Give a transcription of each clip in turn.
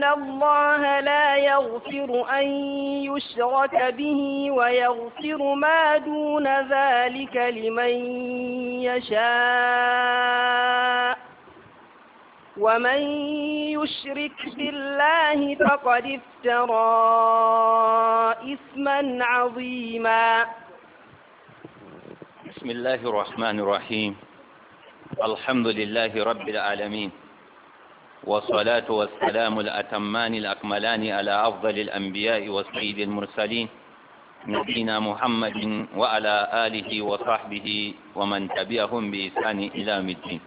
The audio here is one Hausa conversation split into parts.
إن الله لا يغفر أن يشرك به ويغفر ما دون ذلك لمن يشاء ومن يشرك بالله فقد افترى إثما عظيما بسم الله الرحمن الرحيم الحمد لله رب العالمين والصلاة والسلام الأتمان الأكملان على أفضل الأنبياء والسيد المرسلين نبينا محمد وعلى آله وصحبه ومن تبعهم بإسان إلى مدين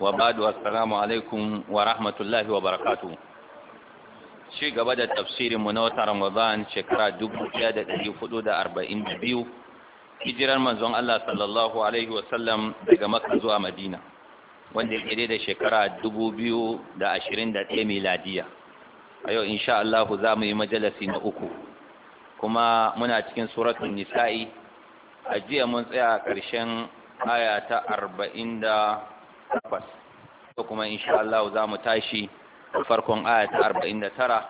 وبعد السلام عليكم ورحمة الله وبركاته ci gaba da tafsirinmu na watan Ramadan shekara 1442 hijirar manzon الله صلى الله عليه وسلم Makka زوى مدينة wanda ya da shekara ɗaya miladiya a yau insha Allah za mu yi majalasi na uku kuma muna cikin suratun nisa'i a jiya mun tsaya a ƙarshen aya ta takwas, ko kuma insha Allah za mu tashi farkon aya ta tara,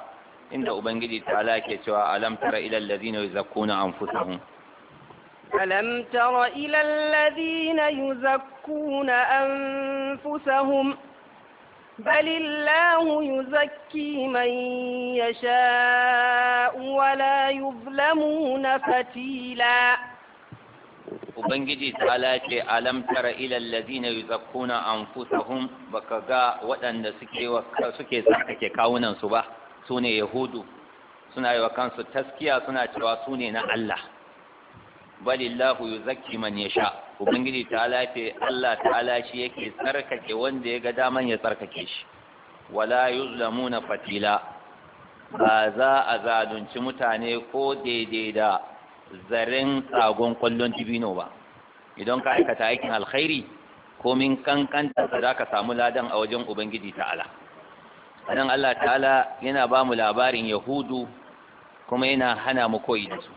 inda ubangiji ta ke cewa alam tara ilal ladina yuzakkuna anfusahum ألم تر إلى الذين يزكون أنفسهم بل الله يزكي من يشاء ولا يظلمون فتيلا Ubangiji ta'ala ce alamtar tara ilal ladina yuzakkuna ba ka ga waɗanda suke suke tsarkake kawunan su ba ne yahudu suna yi wa kansu taskiya suna cewa su ne na Allah balillahu yuzakki man yasha ubangiji ta'ala ce Allah ta'ala shi yake tsarkake wanda ya ga daman ya tsarkake shi wala yuzlamuna fatila ba za a zalunci mutane ko daidai da zaren tsagon kwallon dibino ba idan ka aikata aikin alkhairi ko komin kankanta za ka samu ladan a wajen ubangiji ta'ala anan Allah ta'ala yana ba mu labarin yahudu kuma yana hana mu koyi da su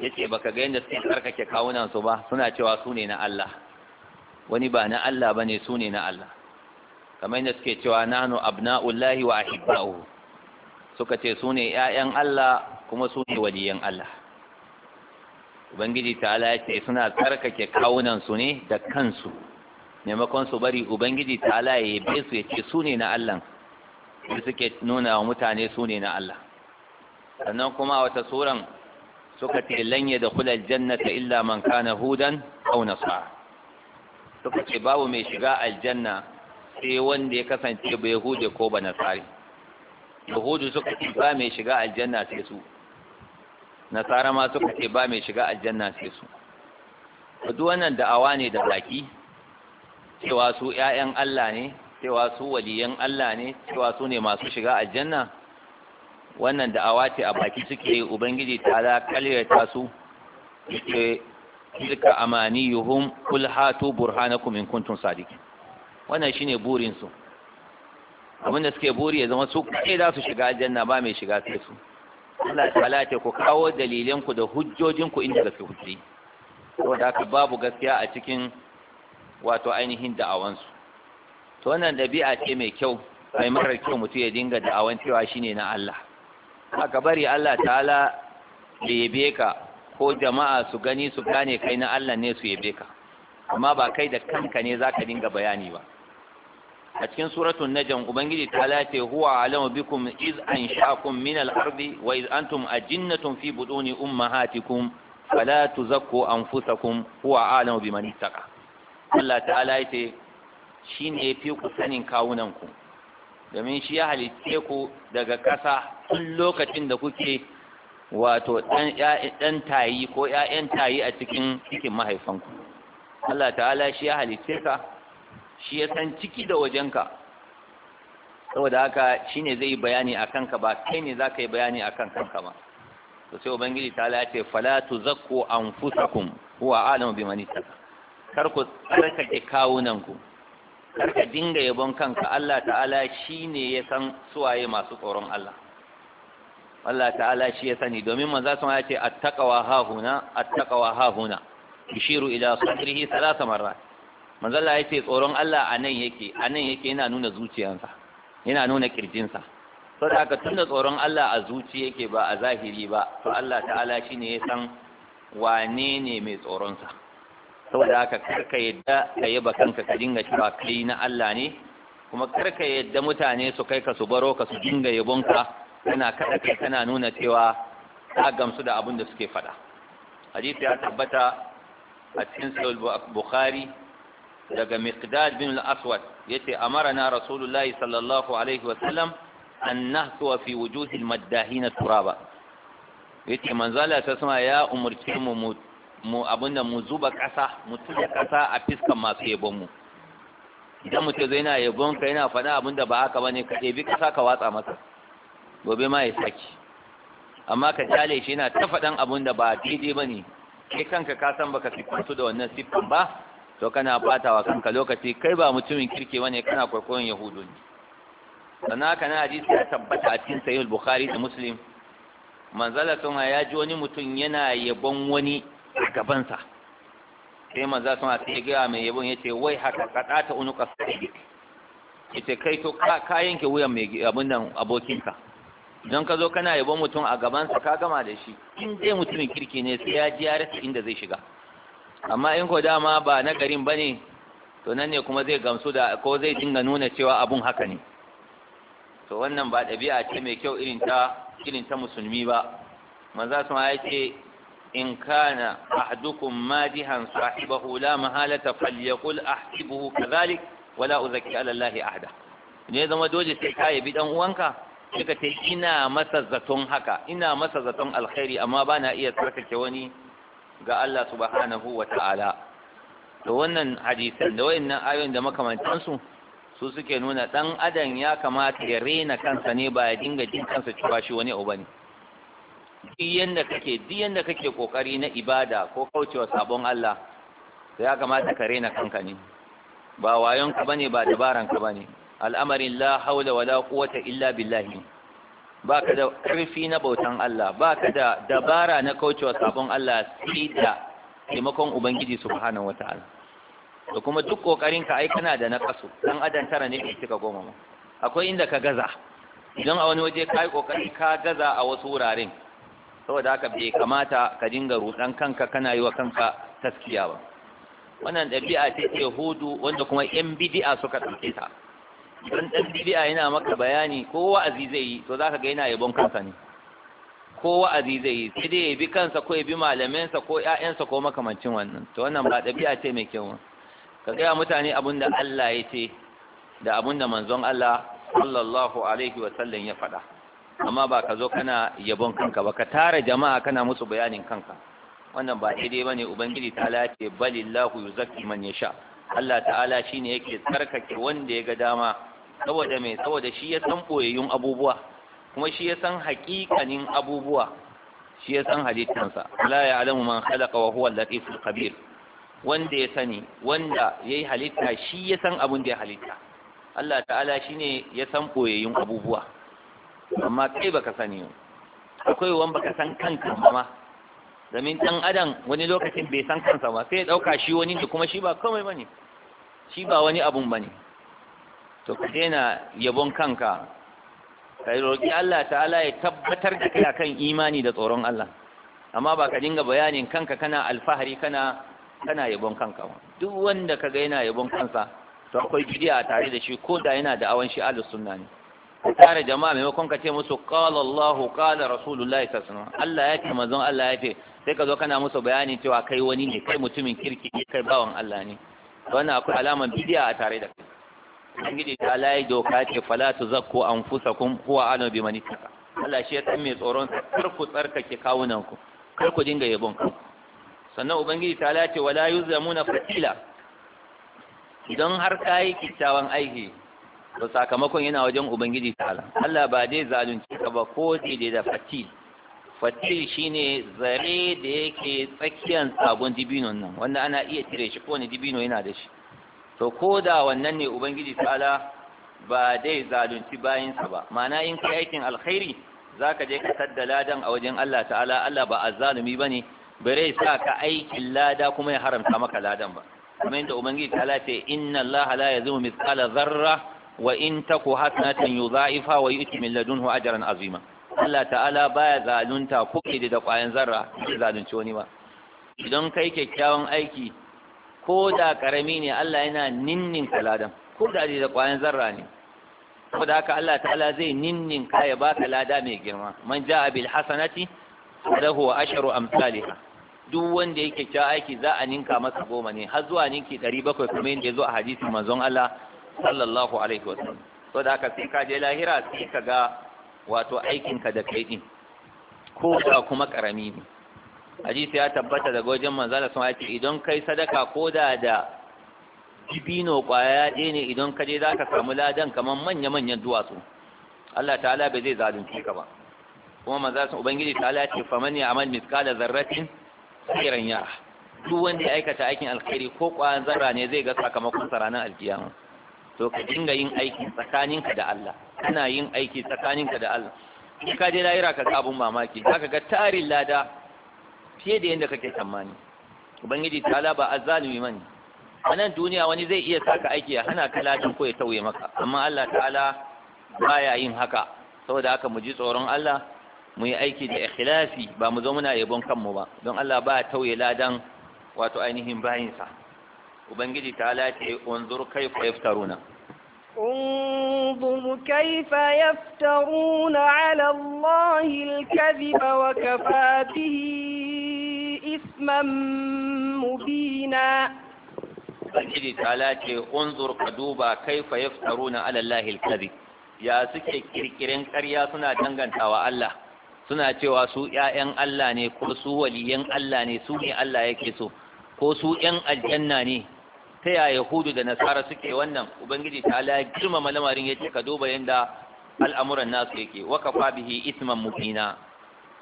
Ya ba baka ga yadda suke tsarkake kawunan su ba suna cewa su ne na Allah wani ba na Allah ba ne su ne na Allah kamar yadda suke cewa nanu abna'ullahi wa ahibba'u suka ce su ne 'ya'yan Allah kuma su ne waliyan Allah ubangiji ta'ala ya ce suna tsarkake kawunan su ne da kansu maimakon su bari ubangiji ta'ala ya yabe su ya ce su ne na Allah suke nuna wa mutane su ne na Allah sannan kuma a wata suran suka ce lan ya dakhula aljannata illa man kana hudan aw nasara suka ce babu mai shiga aljanna sai wanda ya kasance ba yahude ko ba nasari yahudu suka ce ba mai shiga aljanna sai su nasara ma suka ce ba mai shiga aljanna sai su duk wannan da'awa ne da baki cewa su 'ya'yan Allah ne cewa su waliyan Allah ne cewa su ne masu shiga aljanna wannan awa ce a baki suke ubangiji ta za karyata su ke tilka amaniyuhum kul hatu burhanakum in kuntum sadiqin wannan shine burin su abinda suke buri ya zama su kai za su shiga aljanna ba mai shiga sai su Allah ta'ala ce ku kawo dalilan ku da hujjojin ku inda gaske hujji saboda ka babu gaskiya a cikin wato ainihin da'awansu? su to wannan dabi'a ce mai kyau mai marar kyau mutum ya dinga da'awan cewa shine na Allah aka bari Allah ta'ala da yabe ka ko jama'a su gani su gane kai na Allah ne su yabe ka amma ba kai da kanka ne zaka dinga bayani ba a cikin suratul najm ubangiji ta lace huwa alamu bikum iz anshakum min al wa iz antum ajinnatun fi buduni ummahatikum fala tuzakku anfusakum huwa alamu biman ittaqa Allah ta'ala yace shine fi ku sanin kawunanku domin shi ya halitte ku daga ƙasa tun lokacin da kuke wato ɗan tayi ko ‘ya'yan tayi a cikin cikin mahaifanku Allah ta'ala shi ya halitte ka shi ya san ciki da wajenka saboda haka shi ne zai bayani a kanka ba kai ne za ka yi bayani a kan kanka ba to sai ubangiji ta ya ce falatu zakko an fusakun huwa alamu bi manita kar ku tsarkake kawunanku karka dinga yabon kanka Allah ta'ala shi ne ya san suwaye masu tsoron Allah Allah ta'ala shi ya sani domin maza sun ya ce attaqwa ha huna attaqwa ha huna bishiru ila sadrihi thalatha marrat manzo Allah ya ce tsoron Allah a nan yake a nan yake yana nuna zuciyansa yana nuna kirjinsa saboda haka tunda tsoron Allah a zuci yake ba a zahiri ba to Allah ta'ala shi ne ya san wane ne mai tsoronsa saboda haka karka yadda ka yaba kanka ka dinga cewa kai na Allah ne kuma karka yadda mutane su kai ka su baro ka su dinga yabonka kana kada kai kana nuna cewa ka gamsu da abin da suke faɗa hadisi ya tabbata a cikin sahih bukhari daga miqdad bin al-aswad yace amarna rasulullahi sallallahu alaihi wa sallam an nahsuwa fi wujuhil maddahina turaba yace manzala ta sama ya umarci mu mu abin da mu zuba ƙasa mu tuba ƙasa a fiskan masu yabon mu idan mutum zai na yabon ka yana faɗa abin da ba haka bane ka ɗebi ƙasa ka watsa masa gobe ma ya saki amma ka kyale shi yana ta faɗan abin da ba daidai ba ne kai kanka ka san baka siffantu da wannan siffan ba to kana wa kanka lokaci kai ba mutumin kirki ne kana kwaikwayon yahudu ne sannan haka na hadisi ya tabbata a cikin sahihul bukhari da muslim manzala sun ya ji wani mutum yana yabon wani a gabansa sai manza sun sai gaya mai yabon ya ce wai haka ka ɗata unuka sadiq ya ce kai to ka yanke wuyan mai abin nan abokinka don ka zo kana yabon mutum a gabansa ka gama da shi in dai mutumin kirki ne sai ya ji ya rasa inda zai shiga amma in ko dama ba na garin ba ne to nan ne kuma zai gamsu da ko zai dinga nuna cewa abun haka ne to wannan ba ɗabi'a ce mai kyau irin ta musulmi ba manza sun ya ce إن كان أحدكم madihan صاحبه لا مهالة فليقل أحسبه كذلك ولا أذكي على الله أحدا ne zama dole sai ka bi dan uwanka ka tai ina masa zaton haka ina masa zaton alkhairi amma bana iya tsarkake wani ga Allah subhanahu wa ta'ala to wannan hadisan da wayannan ayoyin da makamantan su su suke nuna dan adam ya kamata ya rena kansa ne ba ya dinga jin kansa cewa shi wani uba ne duk yanda kake duk yanda kake kokari na ibada ko kaucewa sabon Allah sai ya kamata ka rena kanka ne ba wayon ka bane ba dabaran ka bane al'amarin la haula wala quwwata illa billahi ka da karfi na bautan Allah ba ka da dabara na kaucewa sabon Allah sai da taimakon ubangiji subhanahu wataala da kuma duk kokarin ka ai kana da nakasu dan adan tara ne bai cika goma akwai inda ka gaza idan a wani waje ka yi kokari ka gaza a wasu wuraren saboda haka bai kamata ka dinga rudan kanka kana yi wa kanka taskiya ba wannan ɗabi'a ce ce hudu wanda kuma yan bidi'a suka ɗauke ta don ɗan bidi'a yana maka bayani ko wa'azi zai yi to za ka ga yana yabon kansa ne ko wa'azi zai yi sai dai ya bi kansa ko ya bi malamansa ko ƴaƴansa ko makamancin wannan to wannan ba ɗabi'a ce mai kyau ka gaya mutane abin da Allah ya ce da abin da manzon Allah sallallahu alaihi wa sallam ya faɗa amma ba ka zo kana yabon kanka ba ka tara jama'a kana musu bayanin kanka wannan ba daidai ba ne ubangiji ta lace balillahu zaki man sha. Allah ta'ala ne yake tsarkake wanda ya ga dama saboda me saboda shi ya san ɓoyayyun abubuwa kuma shi ya san haƙiƙanin abubuwa shi ya san halittansa la alamu man khalaqa wa huwa al-latiful khabir wanda ya sani wanda yayi halitta shi ya san abin da ya halitta Allah ta'ala ne ya san ɓoyayyun abubuwa amma kai baka sani akwai wani baka san kanka ma domin dan adam wani lokacin bai san kansa ba sai ya dauka shi wani da kuma shi ba komai bane shi ba wani abun bane to ka daina yabon kanka ka roƙi Allah ta'ala ya tabbatar da kai akan imani da tsoron Allah amma ba ka dinga bayanin kanka kana alfahari kana kana yabon kanka ba duk wanda kaga yana yabon kansa to akwai gidiya tare da shi ko da yana da awan shi ahlus sunna ne ka tare jama'a maimakon ka ce musu qala Allah qala Rasulullahi sallallahu alaihi Allah ya ce manzon Allah ya ce sai ka zo kana musu bayani cewa kai wani ne kai mutumin kirki ne kai bawan Allah ne wannan akwai alaman bidiya a tare da kai ubangiji ta layi doka ce fala tuzakku anfusakum huwa a'lamu biman ittaka Allah shi ya san mai tsoron kar ku tsarkake kawunan ku kar ku dinga yabon ku sannan ubangiji ta lace wala yuzlamuna fatila idan har kai kittawan aiki to sakamakon yana wajen ubangiji ta'ala Allah ba zai zalunci ka ba ko dai-dai da fatil fatil shine zare da yake tsakiyar sabon dibino nan wanda ana iya cire shi ko ne dibino yana da shi to ko da wannan ne ubangiji ta'ala ba zai zalunci bayinsa ba ma'ana in kai aikin alkhairi zaka je ka tadda ladan a wajen Allah ta'ala Allah ba azzalumi bane bare sa ka aikin lada kuma ya haramta maka ladan ba kamar yadda ubangiji ta'ala ce inna Allah la yazlimu mithqala zarra wa in taku hasanatan yudha'ifa wa yu'ti min ladunhu ajran azima Allah ta'ala baya zalunta ko da kwayan zarra da zalunci wani ba idan kai kyakkyawan aiki ko da karami ne Allah yana ninnin kaladan ko da da kwayan zarra ne saboda haka Allah ta'ala zai ninnin ka ya baka lada mai girma man ja'a bil hasanati lahu asharu amsalha duk wanda yake kyakkyawan aiki za a ninka masa goma ne har zuwa ninki 700 kuma yanda yazo a hadisin manzon Allah sallallahu alaihi wasallam so da aka sai ka je lahira sai ka ga wato aikinka da kai din ko da kuma karami ne hadisi ya tabbata daga wajen manzo da sun ce idan kai sadaka ko da da dibino kwaya ɗaya ne idan ka je zaka samu ladan kamar manya-manyan duwatsu Allah ta'ala bai zai zalunce ka ba kuma manzo sun ubangiji ta'ala ce faman man amal miskala zarratin khairan yara duk wanda ya aikata aikin alkhairi ko kwayan zarra ne zai ga sakamakon sa aljiyama to ka dinga yin aiki tsakaninka da Allah kana yin aiki tsakaninka da Allah in ka je lahira ka ga abun mamaki zaka ga tarin lada fiye da yadda kake tsammani ubangiji ta ba azzalimi mani a nan duniya wani zai iya saka aiki ya hana ka ladan ko ya tauye maka amma Allah ta'ala baya yin haka saboda haka mu ji tsoron Allah mu yi aiki da ikhlasi ba mu zo muna yabon kanmu ba don Allah ba ya tauye ladan wato ainihin bayinsa ubangiji ta lace unzur kaifa yaftaruna انظر كيف يفترون على الله الكذب وكفى به إثما مبينا Ubangiji ta ce, "Unzur ka duba kaifa ya na alallahi ya suke kirkirin ƙarya suna dangantawa Allah, suna cewa su ‘ya'yan Allah ne ko su waliyyan Allah ne su ne Allah yake so, ko su ‘yan aljanna ne ta yaya yahudu da nasara suke wannan ubangiji ta ala girmama lamarin ya ce ka duba yadda al'amuran nasu yake waka fa bihi isman mubina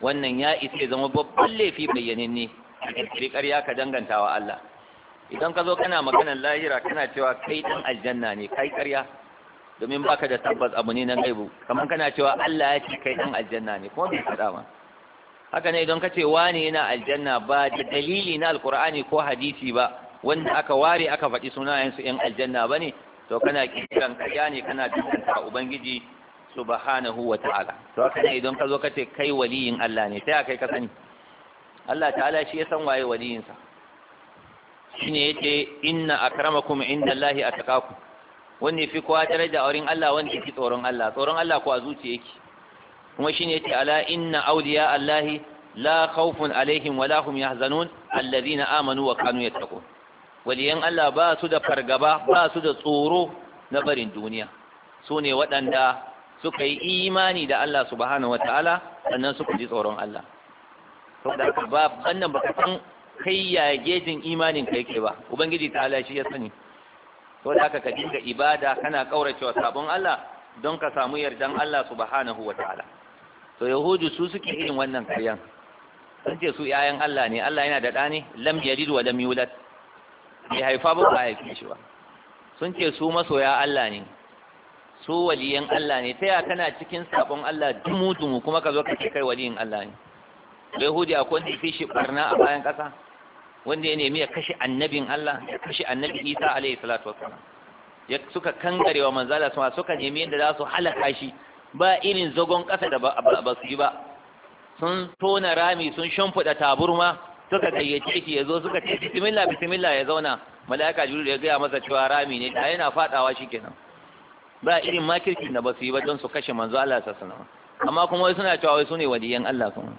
wannan ya isa zama babban laifi bayyanin ne a kirkiri ya ka danganta Allah idan ka zo kana maganar lahira kana cewa kai ɗan aljanna ne kai ƙarya domin baka da tabbas abu ne na gaibu kamar kana cewa Allah ya ce kai ɗan aljanna ne kuma bai faɗa ba haka ne idan ka ce wane yana aljanna ba da dalili na alkur'ani ko hadisi ba wanda aka ware aka faɗi sunayen su yan aljanna ba ne? to kana kiran kaya ne kana dukanta ubangiji subhanahu wa ta'ala to haka ne idan ka zo ka ce kai waliyin Allah ne sai kai ka sani Allah ta'ala shi ya san waye waliyin sa shine yace inna akramakum indallahi atqakum wanda fi kowa daraja a wurin Allah wanda fi tsoron Allah tsoron Allah ko a zuciya kuma shine yace ala inna awliya allahi la khawfun alaihim wala hum yahzanun alladhina amanu wa kanu yattaqun waliyan Allah ba su da fargaba ba su da tsoro na barin duniya su ne waɗanda suka yi imani da Allah subhanahu wataala sannan suka ji tsoron Allah saboda ba wannan baka san kai ya gejin imanin kai ke ba ubangiji ta Allah shi ya sani saboda haka ka dinga ibada kana kauracewa sabon Allah don ka samu yardan Allah subhanahu wataala to yahudu su suke irin wannan karyan sun ce su yayan Allah ne Allah yana da ɗa ne lam yalid wa lam yulad bai haifa ba ba haife shi ba sun ce su masoya Allah ne su waliyan Allah ne ta kana cikin sabon Allah dumu dumu kuma ka zo ka ce kai waliyan Allah ne Yahudi akwai wanda fi shi barna a bayan ƙasa wanda ya nemi ya kashe annabin Allah ya kashe annabi Isa alaihi salatu wassalam ya suka kangarewa manzala suka nemi yadda za su halaka shi ba irin zagon ƙasa da ba su yi ba sun tona rami sun shimfiɗa taburma suka gayyace shi ya zo suka ce bismillah bismillah ya zauna mala'ika da ya gaya masa cewa rami ne da yana faɗawa shikenan ba irin makirci da ba su yi ba don su kashe manzo Allah sa sanawa amma kuma wai suna cewa wai su ne waliyan Allah kuma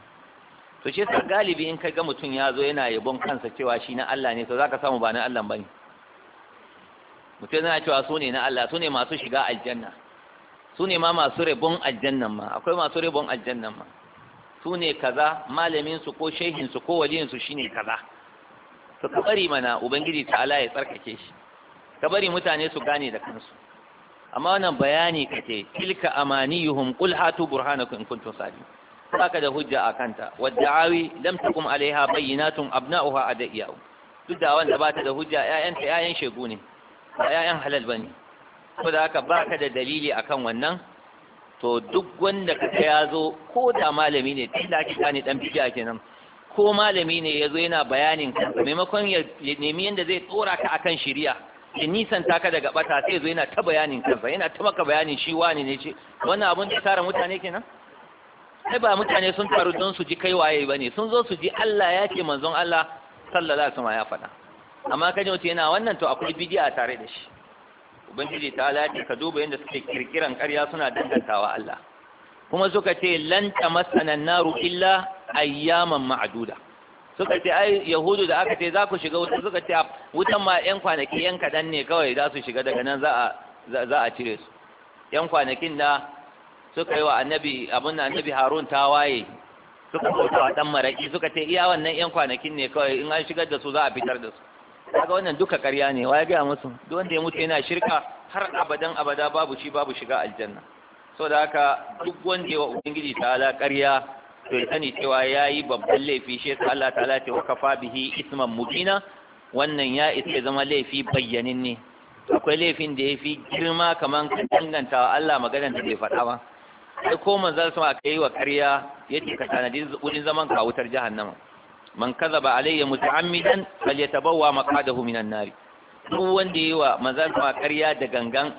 to shi sa galibi in kai ga mutum ya zo yana yabon kansa cewa shi na Allah ne to zaka samu ba na Allah bane mutum yana cewa su ne na Allah su ne masu shiga aljanna su ne ma masu rabon aljannan ma akwai masu rabon aljannan ma su ne kaza malaminsu ko su ko waliyin su shine kaza to ka bari mana ubangiji ta'ala ya tsarkake shi ka bari mutane su gane da kansu amma wannan bayani kace tilka amaniyuhum qul hatu burhanakum in kuntum sadiqin baka da hujja a kanta wadda'awi lam takum alaiha bayyinatun abna'uha adaiya duk da wanda ba ta da hujja 'ya'yanta 'ya'yan shegu ne ba halal bane da haka ba ka da dalili akan wannan to duk wanda ka ya zo ko da malami ne tun da ake gane dan bidiya kenan ko malami ne ya zo yana bayanin ka? maimakon ya nemi yadda zai tsora ka akan shiriya ya nisan taka daga bata sai zo yana ta bayanin kansa yana ta maka bayanin shi wani ne ce wannan abun da tara mutane kenan sai ba mutane sun taru don su ji kai waye ba ne? sun zo su ji Allah ya ce manzon Allah sallallahu alaihi wasallam ya faɗa amma kaje mutum yana wannan to akwai bidiya tare da shi ubangiji ta lati ka duba yadda suke kirkiran ƙarya suna dangantawa Allah kuma suka ce Lanta tamassana naru illa ayyaman ma'aduda, suka ce ai yahudu da aka ce za ku shiga wuta suka ce wutan ma yan kwanaki yan kaɗan ne kawai za su shiga daga nan za a cire su yan kwanakin da suka yi wa annabi abin da annabi harun ta waye suka bauta wa ɗan maraƙi suka ce iya wannan yan kwanakin ne kawai in an shigar da su za a fitar da su kaga wannan duka ƙarya ne wa ya gaya musu duk wanda ya mutu yana shirka har abadan abada babu shi babu shiga aljanna da haka duk wanda ya wa ubangiji ala ƙarya to ya sani cewa ya yi babban laifi shi yasa Allah ta'ala ce wa kafa bihi isman mubina wannan ya isa zama laifi bayyanin ne akwai laifin da ya fi girma kamar ka danganta wa Allah maganar da bai faɗa ba sai ko manzon sama ka yi wa ƙarya yace ka tanadi wurin zaman ka wutar jahannama man kadhaba alayya muta'ammidan falyatabawwa maqadahu minan nar duk wanda yayi wa sama ƙarya da gangan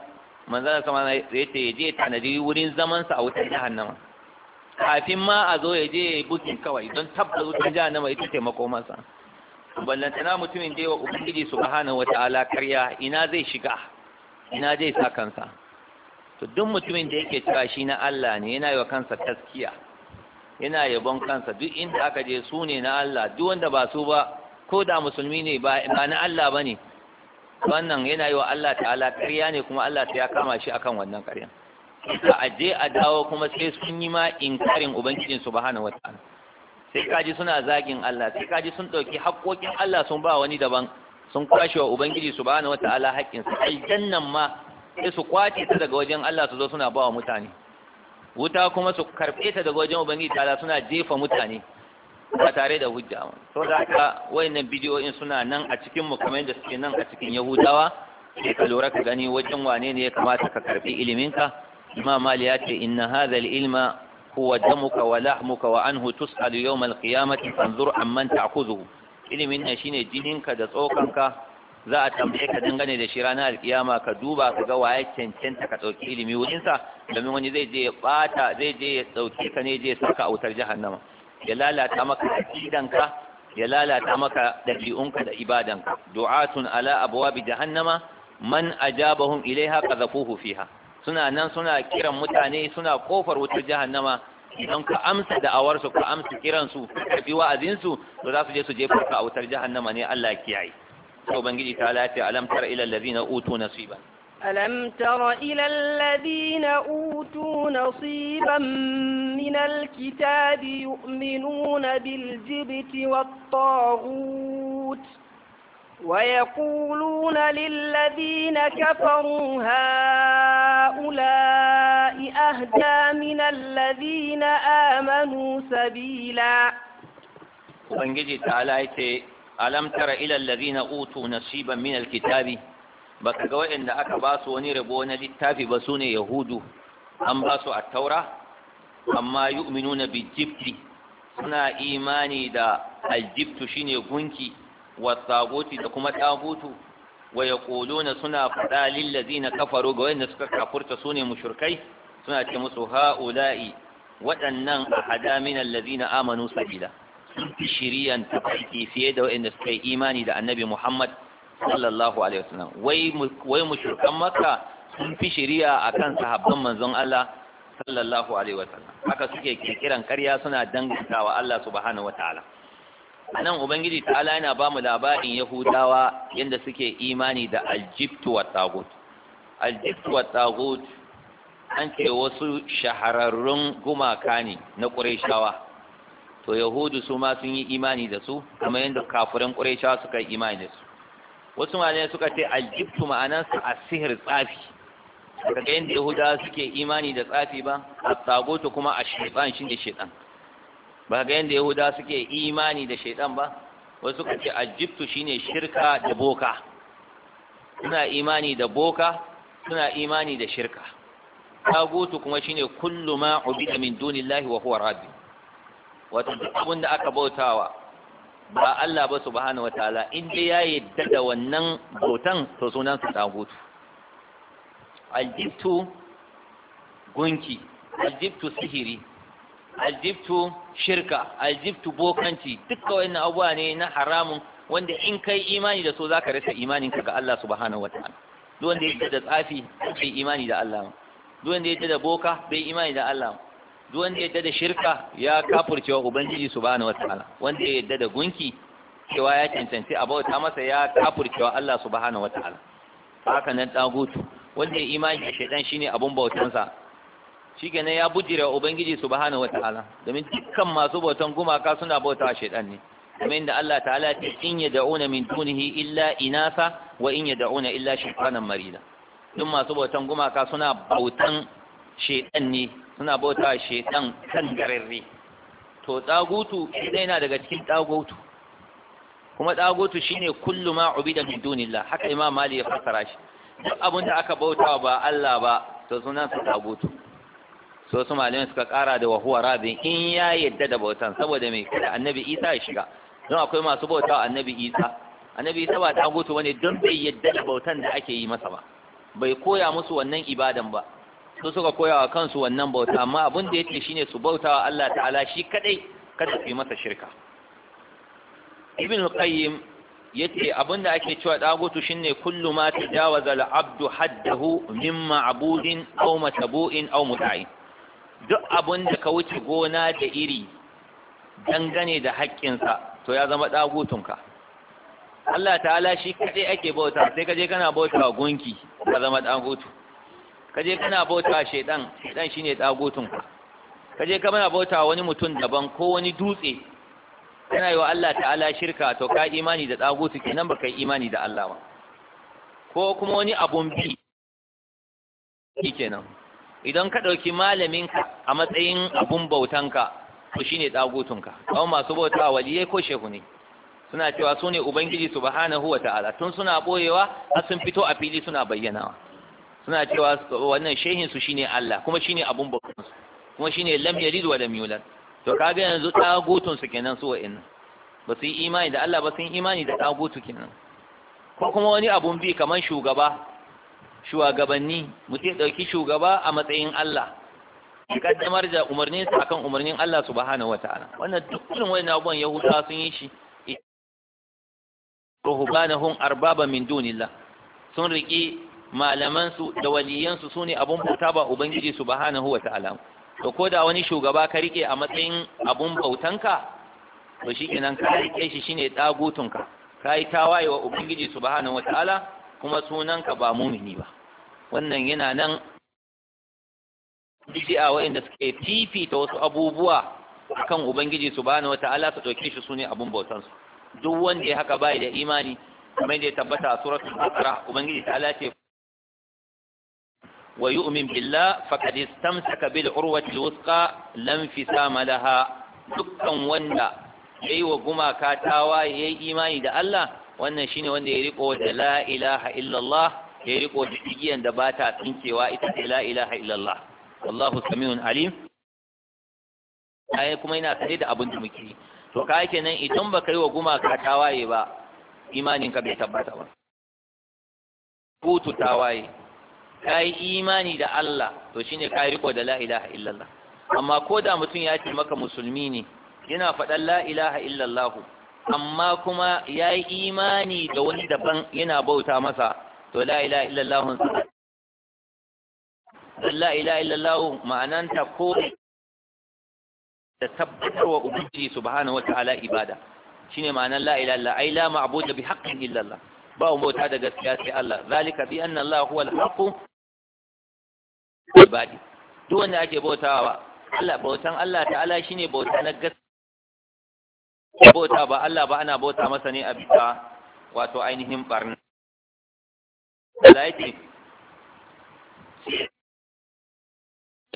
manzon sama zai ce je tanadi wurin zaman sa a wutar jahannama kafin ma a zo ya je bukin kawai don tabbata wutar jahannama ita ce makomarsa na mutumin da yawa ubangiji subhanahu wata'ala ƙarya ina zai shiga ina zai sa kansa to duk mutumin da yake cewa shi na Allah ne yana yi wa kansa taskiya yana yabon kansa duk inda aka je su ne na Allah duk wanda ba su ba ko da musulmi ne ba na Allah ba ne wannan yana yi wa Allah ta'ala ƙarya ne kuma Allah ta ya kama shi akan wannan ƙarya a aje a dawo kuma sai sun yi ma inkarin ubangijin subhanahu wataala sai kaji suna zagin Allah sai kaji sun ɗauki haƙoƙin Allah sun ba wani daban sun kwashe wa ubangiji subhanahu wataala haƙƙinsa aljannan ma sai su kwace ta daga wajen Allah su zo suna ba wa mutane wuta kuma su karɓe ta daga wajen ubangiji ta'ala suna jefa mutane ba tare da hujja ba so da haka wayannan bidiyoyin suna nan a cikin mu kamar yadda suke nan a cikin yahudawa sai ka lura ka gani wajen wane ne ya kamata ka karɓi iliminka imam mali ya ce inna hadha ilma huwa damuka wa lahmuka wa anhu tus'alu yawm al-qiyamati fanzur amman ta'khudhu ilimin nan shine jininka da tsokanka za a tambaye ka dangane da shi ranar alkiyama ka duba ka ga waye cancanta ka ɗauki ilimi wurinsa domin wani zai je ya ɓata zai je ya dauki ka ne je ya saka a wutar jahannama ya lalata maka aqidanka ya lalata maka dabi'unka da ibadanka du'atun ala abwabi jahannama man ajabahum ilaiha qadhafuhu fiha suna nan suna kiran mutane suna kofar wutar jahannama idan ka amsa da'awarsu ka amsa kiransu ka bi wa'azinsu to za su je su jefa ka a wutar jahannama ne Allah ya kiyaye sai ubangiji ta lati alam tara ila allazina utu nasiba alam tara ila allazina utu nasiban min alkitabi yu'minuna bil jibti wat taghut ويقولون للذين كفروا هؤلاء أهدى من الذين آمنوا سبيلا ubangiji ta halaye alam tara ila allazina utu nasiban min alkitabi baka ga wa'anda aka ba su wani rabo na littafi ba sune yahudu an ba su at-taura amma yu'minuna bi jibti suna imani da aljibtu shine gunki wa tsaguti da kuma tsagutu wa yaquluna suna fada lil kafaru ga wa'anda suka kafurta sune mushrikai suna ce musu ha'ula'i waɗannan hada min allazina amanu sabila sun fi shiriyan tafarki fiye da waɗanda suka yi imani da annabi Muhammad sallallahu alaihi wasallam wai shirkan Makka sun fi shiriya kan sahabban manzon Allah sallallahu alaihi wasallam haka suke kirkiran karya suna dangantawa Allah subhanahu a nan ubangiji ta'ala yana ba mu labarin yahudawa yadda suke imani da aljibtu wa tagut aljibtu wa tagut an ce wasu shahararrun gumaka ne na ƙurashawa. to yahudu su ma sun yi imani da su kuma yadda kafuran ƙuraisha suka yi imani da su wasu malamai suka ce aljibtu ma'anarsa a sihir tsafi daga yadda yahuda suke imani da tsafi ba a tsagoto kuma a shaitan shi ne shaitan ba ga yadda yahuda suke imani da shaitan ba wasu suka ce aljibtu shi ne shirka da boka suna imani da boka suna imani da shirka tsagoto kuma shi ne kullum ma da min lahi wa huwa rabbi wato duk abin da aka bautawa ba Allah ba subhanahu wataala in dai ya yadda da wannan bautan to sunan sa tagutu aljibtu gunki aljibtu sihiri aljibtu shirka aljibtu bokanci dukkan wannan abuwa ne na haramun wanda in kai imani da so zaka rasa imaninka ga Allah subhanahu wataala duk wanda ya da tsafi bai imani da Allah duk wanda ya da boka bai imani da Allah duk wanda ya yadda da shirka ya kafurcewa ubangiji subhanahu wataala wanda ya yadda da gunki cewa ya cancanci a bauta masa ya kafurcewa Allah subhanahu wataala haka nan dagutu wanda ya imani da shaitan shine abun bautansa shikenan ya bujira ubangiji subhanahu wataala domin dukkan masu bautan gumaka suna bautawa shaitan ne kuma inda Allah ta'ala ya ce in yad'una min dunihi illa inasa wa in yad'una illa shaytanan marida duk masu bautan gumaka suna bautan shaitan ne suna bauta shedan kan gararre to tsagutu idan yana daga cikin tsagutu kuma tsagutu shine kullu ma ubida min dunillah haka imam mali ya fassara shi duk abin da aka bauta ba Allah ba to sunan su tsagutu so su malamai suka kara da wahuwa rabin in ya yadda da bautan saboda mai kada annabi isa ya shiga don akwai masu bauta annabi isa annabi isa ba tsagutu wani don bai yadda da bautan da ake yi masa ba bai koya musu wannan ibadan ba su suka koya wa kansu wannan bauta amma abin da yake shine su bauta wa Allah ta'ala shi kadai kada su yi masa shirka ibn al-qayyim yace abin da ake cewa dagutu shine kullu ma tajawaza al-abdu haddahu min ma'budin aw matabu'in aw muta'in duk abin da ka wuce gona da iri dangane da haƙƙinsa to ya zama dagutunka Allah ta'ala shi kadai ake bauta sai ka je kana bauta gunki ka zama dagutu kaje kana bauta shaidan shaidan shine tsagutun ka kaje ka mana bauta wani mutum daban ko wani dutse kana yi wa Allah ta'ala shirka to ka imani da tsagutu kenan baka yi imani da Allah ba ko kuma wani abun bi kenan idan ka ɗauki malaminka a matsayin abun bautanka to shine ka kawai masu bauta waliyai ko shehu ne suna cewa su ne ubangiji subhanahu wa ta'ala tun suna boyewa har sun fito a fili suna bayyanawa suna cewa wannan shehin su shine Allah kuma shine abun bautan su kuma shine lam yalid wa lam yulad to kaga yanzu tagutun su kenan su wa'in ba su yi imani da Allah ba sun imani da tagutu kenan ko kuma wani abun bi kamar shugaba shugabanni mutum dauki shugaba a matsayin Allah shi kaddamar da umarnin sa akan umarnin Allah subhanahu wataala wannan duk irin wannan abun yahudawa sun yi shi ruhubanahum arbaba min dunillah sun riki malaman su da waliyan su sune abun bauta ba ubangiji subhanahu wa ta'ala to ko da wani shugaba ka rike a matsayin abun bautanka to shi kenan ka rike shi shine ka kai tawaye wa ubangiji subhanahu wa ta'ala kuma sunanka ba mumini ba wannan yana nan a wa'inda suke fifita wasu abubuwa kan ubangiji subhanahu ta'ala su ɗauke shi sune abun bautan su duk wanda ya haka bai da imani kamar da ya tabbata a suratul baqara ubangiji ta'ala ce ويؤمن بالله فقد استمسك بالعروة الوثقى لا انفصام لها dukkan wanda ya yi wa gumaka tawa ya yi imani da Allah wannan shine wanda ya riko da la ilaha illallah ya riko da igiyan da ba ta ita ce la ilaha illallah wallahu kuma ina sane da abin da muke to ka kenan idan baka yi wa gumaka tawaye ba imaninka bai tabbata ba kutu tawaye ka yi imani da Allah to shine ka yi riko da la illallah amma ko da mutum ya ce maka musulmi ne yana faɗan la ilaha illallah amma kuma ya yi imani da wani daban yana bauta masa to la ilaha illallah la ilaha illallah ma'ananta ko da tabbatarwa ubangiji subhanahu wataala ibada shine ma'anar la ilaha illallah ai la da bi haqqin illallah ba mu bauta da gaskiya sai Allah zalika bi anna Allah huwa al-haqq ibadi duk wanda ake bautawa ba Allah bautan Allah ta'ala shine bauta na gaskiya bauta ba Allah ba ana bauta masa ne a bisa wato ainihin barna Allah yake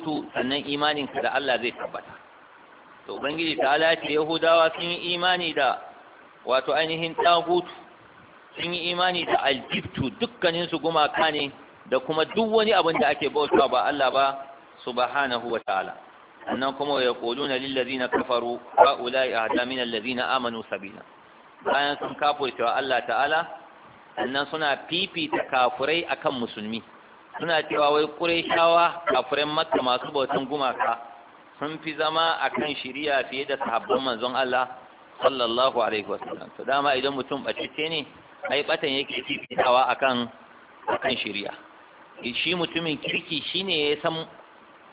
to sannan imanin ka da Allah zai tabbata to ubangiji ta'ala ce yahudawa sun yi imani da wato ainihin tagut sun yi imani da aljiftu dukkaninsu gumaka ne da kuma duk wani abin da ake bautawa ba Allah ba subhanahu wa ta'ala annan kuma ya quluna lil ladina kafaru ulai ahda min alladhina amanu sabila bayan sun kafurce wa Allah ta'ala annan suna fifita kafurai akan musulmi suna cewa wai qurayshawa kafuran makka masu bautan gumaka sun fi zama akan shari'a fiye da sahabban manzon Allah sallallahu alaihi wasallam to dama idan mutum bace ne ai batan yake fifitawa akan akan shari'a Eh, shi mutumin kirki shine ya san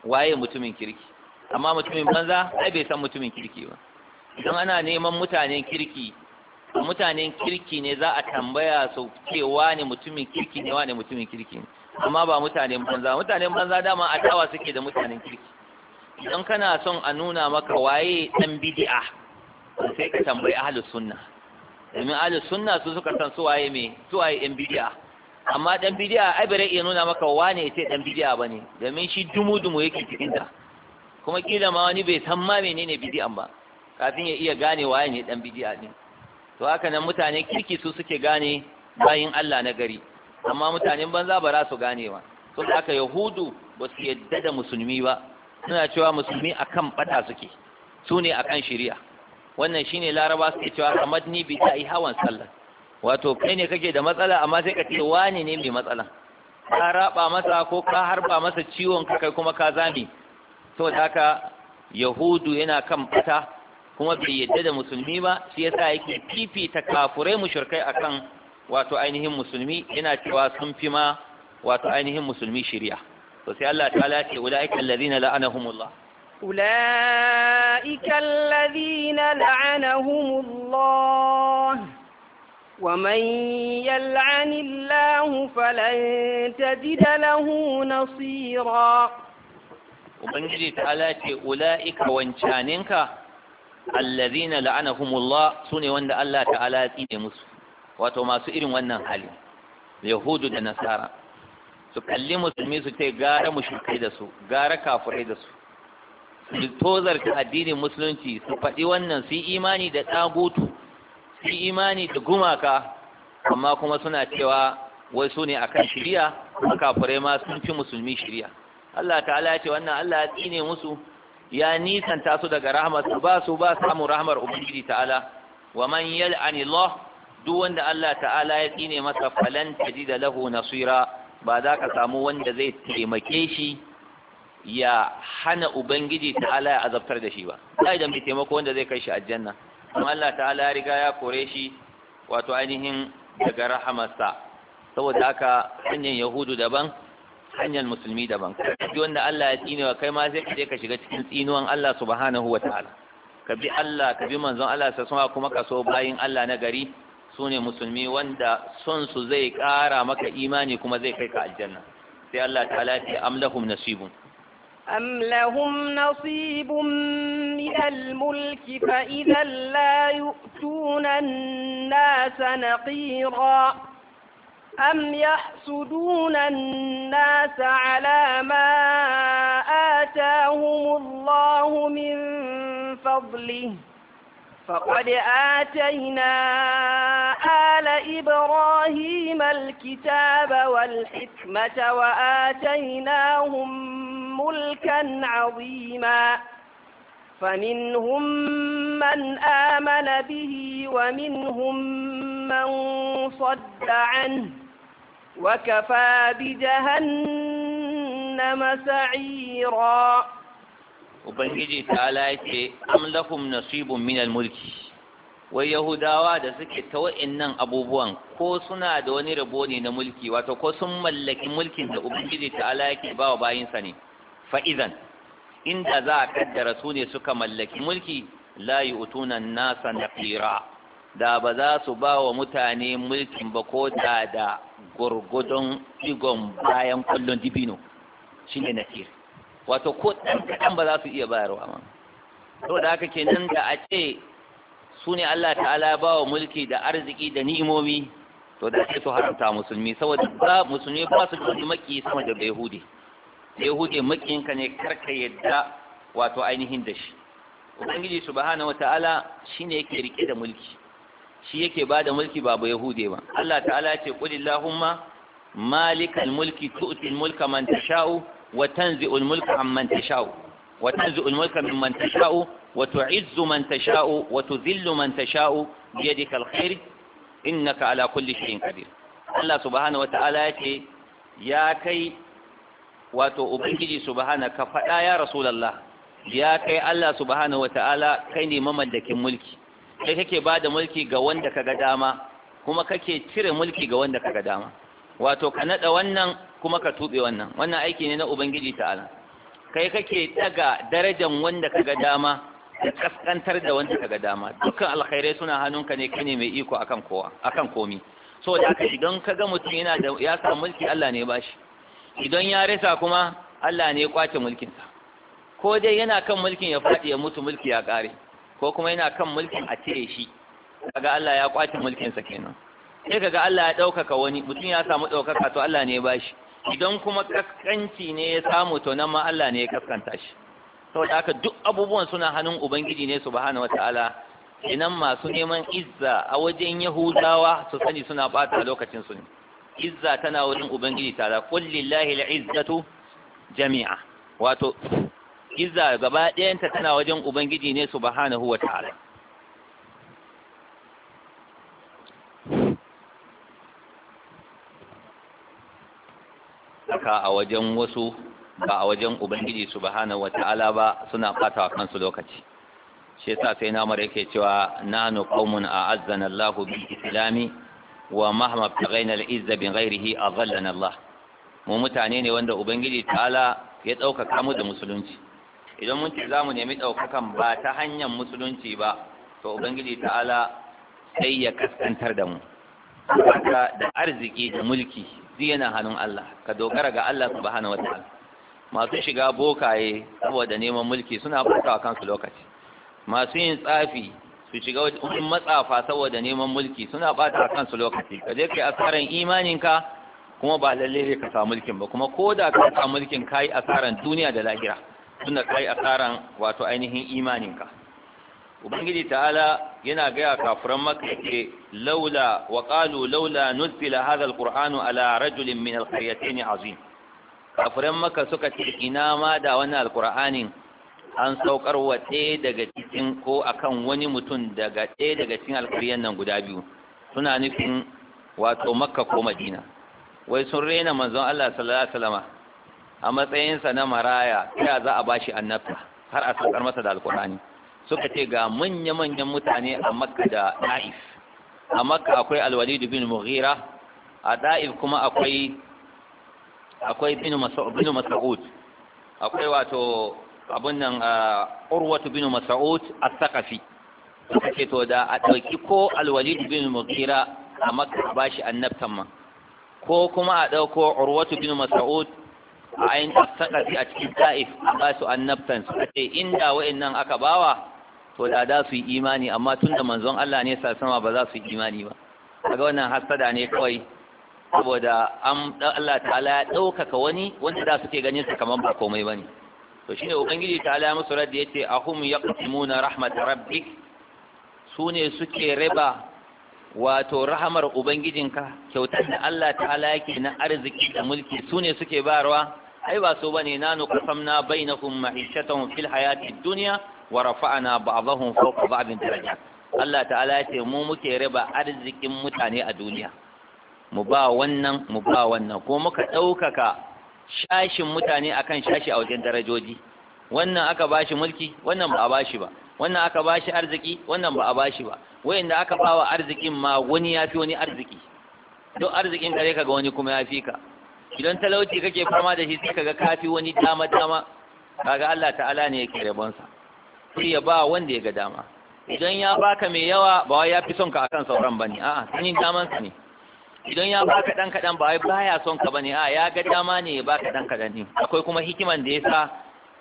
waye mutumin kirki amma mutumin banza ai bai san mutumin kirki ba idan ana neman mutanen kirki mutanen kirki ne za a tambaya su ce wane mutumin kirki ne wane mutumin kirki ne amma ba mutanen banza mutanen banza dama a tawa suke da mutanen kirki idan kana son a nuna maka waye dan bid'a sai ka tambayi ahlus sunna domin ahlus sunna su suka san su waye me su waye yan bid'a amma ɗan bidiya ai bare iya nuna maka wane ce dan bidiya bane domin shi dumu dumu yake cikin ta kuma kila ma wani bai san ma menene bidiyan ba kafin ya iya gane waye ne dan bidiya din to haka nan mutane kirki su suke gane bayin Allah na gari amma mutanen banza ba za su gane ba to haka yahudu ba su yadda da musulmi ba suna cewa musulmi akan bada suke su ne akan shari'a wannan shine laraba suke cewa kamadni bi yi hawan sallah wato kai ne kake da matsala amma sai ka ce wani ne mai matsala ka raba masa ko ka harba masa ciwon ka kai kuma ka zame saboda haka yahudu yana kan fata kuma bai yadda da musulmi ba shi yasa yake fifita kafurai mushrikai akan wato ainihin musulmi yana cewa sun fi ma wato ainihin musulmi shari'a to sai Allah ta'ala ce ulaika allazina la'anahumullah ulaika allazina la'anahumullah ومن يلعن الله فلن تجد له نصيرا ubangiji ta'ala ce ula'ika wancaninka allazina la'anahumullah sune wanda Allah ta ya tsine musu wato masu irin wannan hali yahudu da nasara su kalli musulmi su ce gara mushrikai da su gara kafirai da su su tozarta addinin musulunci su faɗi wannan su imani da ɗagutu. yi imani da gumaka amma kuma suna cewa wai su ne akan shiriya kafirai ma sun fi musulmi shiriya Allah ta'ala ya ce wannan Allah ya tsine musu ya nisanta su daga rahmar ba su ba samun rahmar ubangiji ta'ala wa man yal'ani Allah duk wanda Allah ta'ala ya tsine masa falan da lahu nasira ba za ka samu wanda zai taimake shi ya hana ubangiji ta'ala ya azabtar da shi ba sai da mai taimako wanda zai kai shi aljanna kuma Allah ta'ala ya riga ya kore shi wato ainihin daga rahamarsa saboda haka hanyar yahudu daban hanyar musulmi daban duk wanda Allah ya tsinewa kai ma sai ka shiga cikin tsinuwan Allah subhanahu wa ta'ala ka bi Allah ka bi manzon Allah sa sunwa kuma ka so bayin Allah na gari sune musulmi wanda son su zai kara maka imani kuma zai kai ka aljanna sai Allah ta'ala ya amlahum nasibun أم لهم نصيب من الملك فإذا لا يؤتون الناس نقيرا أم يحسدون الناس على ما آتاهم الله من فضله فقد آتينا آل إبراهيم الكتاب والحكمة وآتيناهم ملكا عظيما فمنهم من آمن به ومنهم من صد عنه وكفى بجهنم سعيرا Ubangiji ta lace am lahum nasibun min al-mulk wai Yahudawa da suke ta wa'annan abubuwan ko suna da wani rabo ne na mulki wato ko sun mallaki mulkin da Ubangiji ta yake ba wa bayinsa ne fa'izan inda za a kaddara su ne suka mallaki mulki la utunan nasa na fira. da ba za su ba wa mutane mulkin ba ko da da gurgudun digon bayan kullum dibino shine Nasir. wato ko ɗan kaɗan ba za su iya bayarwa ma to da haka kenan da a ce su ne Allah ta'ala ba wa mulki da arziki da ni'imomi to da ake su haramta musulmi saboda ba musulmi ba su da maki sama da yahudi da ya hude makinka ne karka yadda wato ainihin da shi ubangiji su subhanahu wata'ala ne yake rike da mulki shi yake bada mulki ba ba yahude ba Allah ta'ala ya ce qulillahumma malikan mulki tu'ti mulka man sha'u, wa tanzi'ul mulka amman sha'u, wa tanzi'ul mulka mimman sha'u, wato tu'izzu man sha'u, wato zillu man sha'u, bi yadika alkhair innaka ala kulli shay'in qadir Allah subhanahu wata'ala ya ce ya kai wato ubangiji subhanaka faɗa ya rasulullah ya kai Allah subhanahu wataala kai ne mamallakin mulki kai kake bada mulki ga wanda kaga dama kuma kake cire mulki ga wanda kaga dama wato ka nada wannan kuma ka tube wannan wannan aiki ne na ubangiji ta'ala kai kake daga darajan wanda kaga dama da kaskantar da wanda kaga dama dukkan alkhairai suna hannunka ne kane mai iko akan kowa akan komi saboda haka idan kaga mutum yana da ya samu mulki Allah ne ya bashi idan ya rasa kuma Allah ne ya kwace mulkinsa ko dai yana kan mulkin ya faɗi ya mutu mulki ya ƙare ko kuma yana kan mulkin a cire shi kaga Allah ya kwace mulkinsa kenan sai kaga Allah ya ɗaukaka wani mutum ya samu ɗaukaka to Allah ne ya bashi idan kuma kaskanci ne ya samu to nan ma Allah ne ya kaskanta shi saboda haka duk abubuwan suna hannun ubangiji ne subhanahu wataala inan masu neman izza a wajen yahudawa su sani suna bata lokacin su ne izza tana wurin ubangiji ta da kullillahi al'izzatu jami'a wato izza gaba ɗayanta tana wajen ubangiji ne subhanahu wa ta'ala saka a wajen wasu ba a wajen ubangiji subhanahu wa ta'ala ba suna fata kansu lokaci shi yasa sai mara yake cewa nanu qaumun a'azzana Allahu bil islami wa mahma tagaina al'izza bin ghairihi azallana Allah mu mutane ne wanda ubangiji ta'ala ya ɗaukaka mu da musulunci idan mun ce za mu nemi ɗaukakan ba ta hanyar musulunci ba to ubangiji ta'ala sai ya kaskantar da mu haka da arziki da mulki zai yana hannun Allah ka dogara ga Allah subhanahu wataala masu shiga bokaye saboda neman mulki suna bukawa kansu lokaci masu yin tsafi su shiga wajen matsafa saboda neman mulki suna bata a kansu lokaci ka je yi asaran imaninka kuma ba lalle ne ka samu mulkin ba kuma ko da ka samu mulkin ka yi asaran duniya da lahira tunda ka yi asaran wato ainihin imaninka ubangiji ta'ala yana gaya kafuran maka ke laula wa qalu laula nuzila hadha alqur'anu ala rajulin min alqaryatayn azim kafuran maka suka ce ina ma da wannan alqur'anin an saukar wa ɗaya daga cikin ko akan wani mutum daga ɗaya daga cikin alƙaryan nan guda biyu suna nufin wato makka ko madina wai sun rena manzon Allah sallallahu alaihi wasallam a matsayinsa na maraya ta za a bashi annabta har a saukar masa da alƙur'ani suka ce ga manya-manyan mutane a makka da na'if a makka akwai alwalid bin mughira a da'if kuma akwai akwai bin mas'ud akwai wato abin nan urwatu bin mas'ud al-thaqafi kace to da a ɗauki ko al-walid bin mukira a maka bashi annabtan ma ko kuma a ɗauko urwatu bin mas'ud a ayin al-thaqafi a cikin ta'if a ba su annabtan suka ce inda wayannan aka bawa to da za su yi imani amma tunda manzon Allah ne sa sama ba za su yi imani ba kaga wannan hasada ne kawai saboda an Allah ta'ala ya ɗaukaka wani wanda da suke ganin sa kamar ba komai bane to shine ubangiji ta ala musu radda yace ahum yaqsimuna rahmat rabbik sune suke riba wato rahmar ubangijinka kyautar da Allah ta'ala yake na arziki da mulki sune suke barwa ai ba so bane na nu qasamna bainahum ma'ishatan fil hayati dunya wa rafa'na ba'dahum fawqa ba'din darajat Allah ta'ala yace mu muke riba arzikin mutane a duniya mu ba wannan mu ba wannan ko muka ɗaukaka shashin mutane akan shashi a wajen darajoji wannan aka bashi mulki wannan ba a bashi ba wannan aka bashi arziki wannan ba a bashi ba wayanda aka bawa arzikin ma wani ya fi wani arziki duk arzikin kare ka ga wani kuma ya fi ka idan talauci kake fama da shi sai kaga kafi wani dama dama kaga Allah ta'ala ne yake rabon sa sai ya ba wanda ya ga dama idan ya baka mai yawa ba wai ya fi son ka akan sauran bane a'a sanin daman sa ne idan ya baka dan kaɗan ba wai baya son ka ba ne. a ya ga dama ne ya baka dan kaɗan ne akwai kuma hikiman da ya sa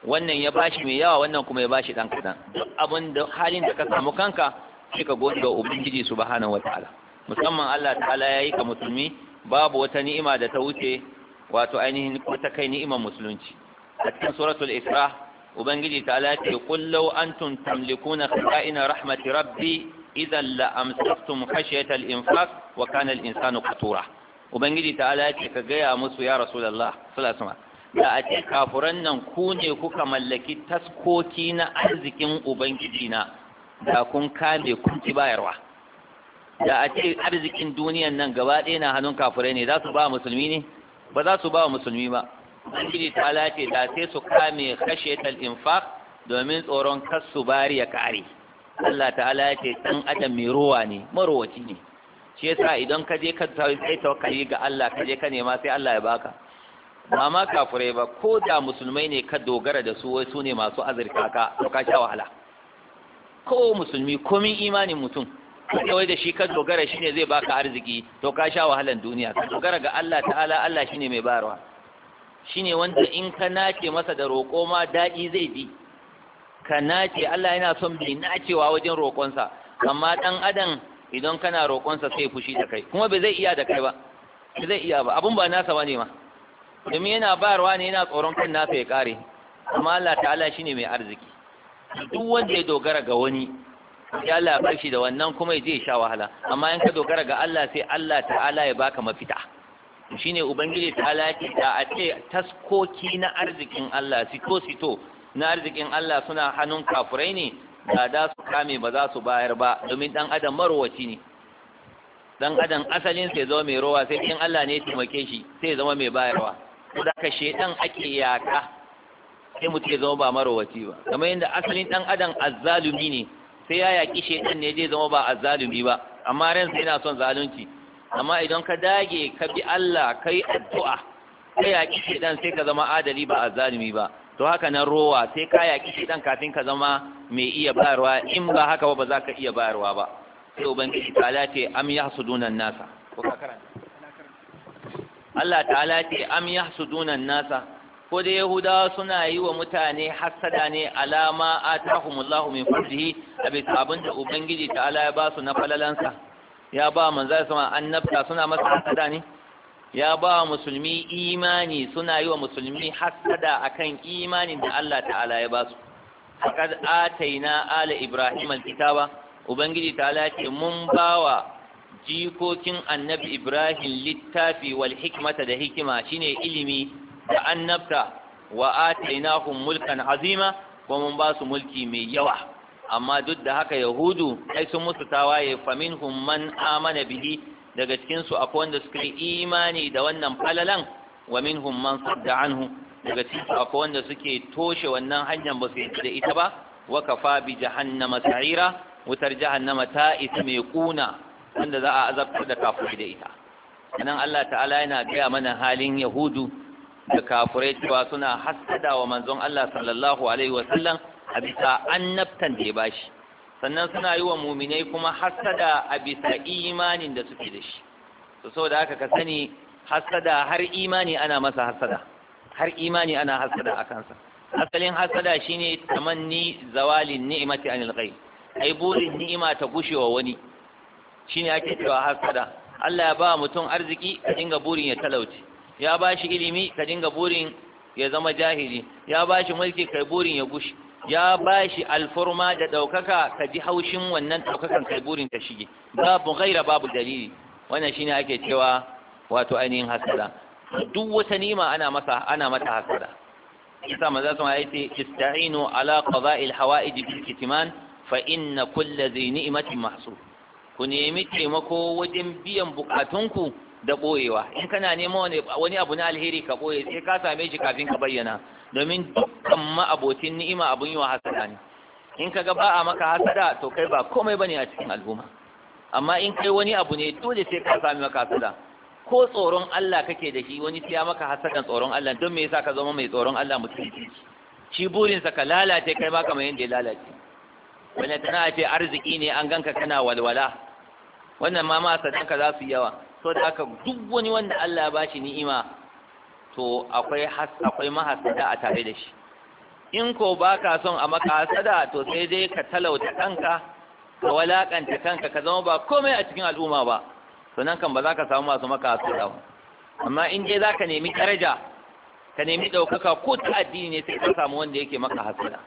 wannan ya bashi mai yawa wannan kuma ya bashi dan kaɗan. duk abin da halin da ka samu kanka shi ka gode wa ubangiji subhanahu wataala musamman Allah ta'ala yayi ka musulmi babu wata ni'ima da ta wuce wato ainihin ko ta kai ni'imar musulunci a cikin suratul isra ubangiji ta lati kullau antum tamlikuna khaza'ina rahmati rabbi idan la amsaktum khashyata al-infaq wa kana al-insanu qatura ubangiji ta lati ka gaya musu ya rasulullah sallallahu da a ce kafuran nan ku ne kuka mallaki taskoki na arzikin ubangiji na da kun kame kun ci bayarwa da a ce arzikin duniyan nan gaba ɗaya na hannun kafurai ne za su ba musulmi ne ba za su ba musulmi ba ubangiji ta lace da sai su kame kashe infaq domin tsoron kasu bari ya kare Allah ta'ala ya ce dan adam mai ruwa ne marowaci ne shi yasa idan ka je ka sai tawakkali ga Allah ka je ka nema sai Allah ya baka ba ma kafurai ba ko da musulmai ne ka dogara da su wai su ne masu azurka ka to ka sha wahala ko musulmi ko min imanin mutum wai da shi ka dogara shine zai baka arziki to ka sha wahalan duniya ka dogara ga Allah ta'ala Allah shine mai bayarwa shine wanda in ka nace masa da roƙo ma daɗi zai ji ka nace Allah yana son bai nacewa wajen roƙonsa amma ɗan adam idan kana roƙonsa sai fushi da kai kuma bai zai iya da kai ba bai zai iya ba abun ba nasa bane ma domin yana bayarwa ne yana tsoron kan nasa ya kare amma Allah ta'ala shine mai arziki duk wanda ya dogara ga wani ya Allah ya da wannan kuma ya je ya sha wahala amma in ka dogara ga Allah sai Allah ta'ala ya baka mafita shine ubangiji ta halaki da a ce taskoki na arzikin Allah sito sito na arzikin Allah suna hannun kafurai ne da da su kame ba za su bayar ba domin ɗan adam marowaci ne ɗan adam asalin sai zama mai rowa sai in Allah ne ya taimake shi sai zama mai bayarwa ko da ka ɗan ake yaka sai mutum ya zama ba marowaci ba kamar yadda asalin ɗan adam azzalumi ne sai ya yaki ɗan ne zai zama ba azzalumi ba amma ran sai yana son zalunci amma idan ka dage ka bi Allah kai addu'a ka yaƙi shedan sai ka zama adali ba azzalimi ba to haka nan rowa sai ka yaƙi shedan kafin ka zama mai iya bayarwa in ba haka ba ba za ka iya bayarwa ba sai ubangiji ta'ala ce am yahsuduna nasa ko ka karanta Allah ta'ala ce am yahsuduna nasa ko da yahudawa suna yi wa mutane hasada ne alama atahumullahu min fadlihi a abin da ubangiji ta'ala ya ba su na falalansa ya ba manzo sama annabta suna masa hasada ne ya ba musulmi imani suna yi wa musulmi hasada akan imanin da Allah ta'ala ya ba su faqad ataina ala ibrahim alkitaba ubangiji ta'ala ce mun bawa jikokin annabi ibrahim littafi wal hikmata da hikima shine ilimi da annabta wa atainahum mulkan azima kuma mun ba su mulki mai yawa amma duk da haka yahudu ai sun musu tawaye faminhum man amana bihi daga cikinsu akwai wanda suka yi imani da wannan falalan wa minhum man sadda anhu daga cikinsu akwai wanda suke toshe wannan hanyar ba su yi da ita ba wa kafa bi jahannama sa'ira wutar jahannama ta isa mai kuna wanda za a azabtar da kafiri da ita nan Allah ta'ala yana gaya mana halin yahudu da kafirai cewa suna hasada wa manzon Allah sallallahu alaihi wa sallam a bisa annabtan da ya bashi sannan suna yi wa muminai kuma hasada a bisa imanin da suke da shi to saboda haka ka sani hasada har imani ana masa hasada har imani ana hasada a kansa asalin hasada shine tamanni zawalin ni'mati anil ghaib ai burin ni'ima ta gushewa wani shine ake cewa hasada Allah ya ba mutum arziki ka dinga burin ya talauci ya ba shi ilimi ka dinga burin ya zama jahili ya ba shi mulki kai burin ya gushi ya bashi alfurma da ɗaukaka ka ji haushin wannan ɗaukakan kai burin ka shige babu gaira babu dalili wannan ne ake cewa wato ainihin hasada duk wata nima ana masa ana mata hasada isa maza sun ayi ce ista'inu ala qada'il hawaij bil kitman fa inna kulli dhi ni'matin ku nemi taimako wajen biyan bukatunku da ɓoyewa, in kana nema wani abu na alheri ka ɓoye, sai ka same shi kafin ka bayyana domin dukkan ma'abocin ni'ima abun yi wa hasada ne in ka ga ba a maka hasada to kai ba komai bane a cikin al'umma amma in kai wani abu ne dole sai ka sami maka hasada ko tsoron Allah kake da shi wani sai maka hasadan tsoron Allah don me yasa ka zama mai tsoron Allah mutum shi burinsa ka lalace kai ma kamar yadda ya lalace wani tana ce arziki ne an ganka kana walwala wannan ma ma sadanka za su yawa so da aka duk wani wanda Allah ba shi ni'ima to akwai has akwai mahasada a tare da shi in ko baka son a maka hasada to sai dai ka talauta kanka ka walakanta kanka ka zama ba komai a cikin al'umma ba to nan kan ba za ka samu masu maka hasada ba amma in dai za ka nemi daraja ka nemi ɗaukaka ko ta addini ne sai ka samu wanda yake maka hasada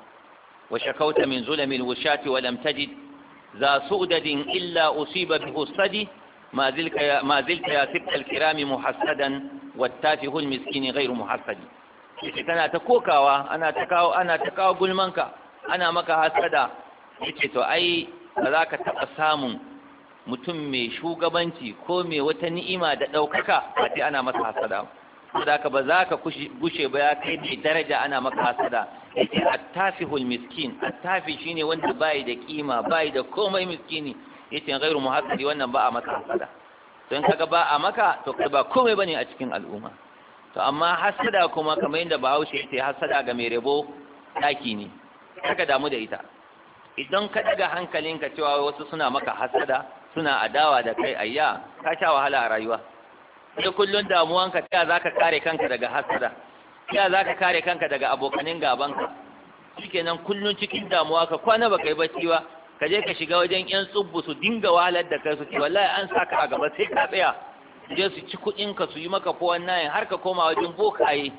wa shakauta min zulamin wushati wa lam tajid za su'dadin illa usiba bi usadi? ما زلت يا, ما زلت يا سبت الكرام محسدا والتافه المسكين غير محسد tana ta kokawa ana ta kawo ana ta ana maka hasada yace to ai ba za ka taɓa samun mutum mai shugabanci ko mai wata ni'ima da ɗaukaka a ce ana masa hasada saboda ka ba za ka gushe ba ya kai mai daraja ana maka hasada yace attafihul miskin attafi shine wanda bai da kima bai da komai miskini yace ghairu muhaqqi wannan ba a maka hasada don kaga ba a maka to kai ba komai bane a cikin al'umma to amma hasada kuma kamar yadda Bahaushe yace hasada ga mai rabo daki ne kaga damu da ita idan ka daga hankalinka cewa wasu suna maka hasada suna adawa da kai ayya ka sha wahala a rayuwa sai kullun damuwanka ta zaka kare kanka daga hasada ta zaka kare kanka daga abokanin gabanka shikenan kullun cikin damuwa ka kwana baka yi bacci ba ka je ka shiga wajen yan tsubbu su dinga wahalar da kai su ce wallahi an saka a gaba sai ka tsaya je su ci kuɗin ka su yi maka ko nayin har ka koma wajen bokaye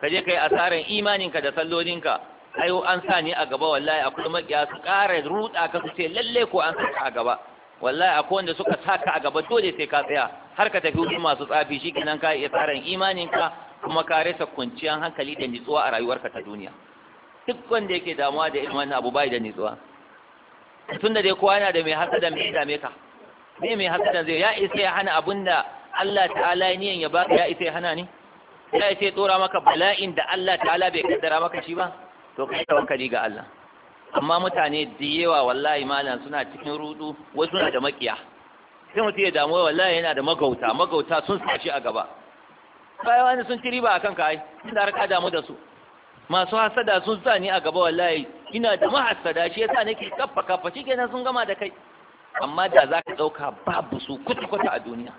ka je ka yi imanin imaninka da ka ayo an sa ni a gaba wallahi a kuma makiya su ƙara ruɗa ka su ce lalle ko an saka a gaba wallahi akwai wanda suka saka a gaba dole sai ka tsaya har ka tafi wajen masu tsafi shi kenan ka yi imanin imaninka kuma ka rasa kwanciyar hankali da nitsuwa a rayuwarka ta duniya duk wanda yake damuwa da irin wannan abu bai da nitsuwa tunda dai kowa yana da mai hasadan mai dame ka me mai hasadan zai ya isa ya hana abinda Allah ta'ala niyan ya baka ya isa ya hana ni ya isa ya tsora maka bala'in da Allah ta'ala bai kaddara maka shi ba to kai tawakkali ga Allah amma mutane da yawa wallahi malam suna cikin rudu wasu suna da makiya sai mutum ya damu wallahi yana da magauta magauta sun sa a gaba bayan wani sun ci riba akan kai sun da ka damu da su masu hasada sun sa ni a gaba wallahi ina da mahasada shi yasa nake kaffa kaffa shikenan sun gama da kai amma da za ka ɗauka babu su kwata-kwata a duniya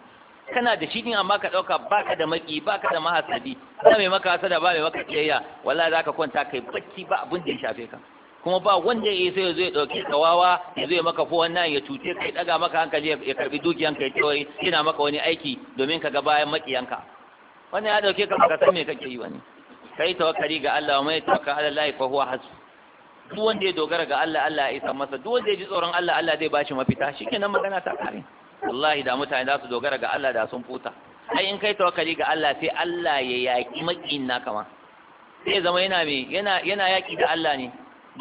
kana da shi din amma ka ɗauka baka da maki baka da mahasadi ba mai maka hasada ba mai maka kiyayya wallahi za ka kwanta kai bacci ba abin da ya shafe ka kuma ba wanda ya sai zai ka kawawa ya zai maka fo wannan ya cuce kai ɗaga maka hankali ya karbi dukiyan kai ce yana maka wani aiki domin ka ga bayan makiyanka wannan ya dauke ka baka san me kake yi wani kai tawakkali ga Allah wa mai tawakkal ala Allah fa huwa hasu. duk wanda ya dogara ga Allah Allah ya isa masa duk wanda ya ji tsoron Allah Allah zai bashi mafita shikenan magana ta kare wallahi da mutane za su dogara ga Allah da sun futa ai in kai tawakkali ga Allah sai Allah ya yaki makin naka ma sai zama yana me yana yana yaki da Allah ne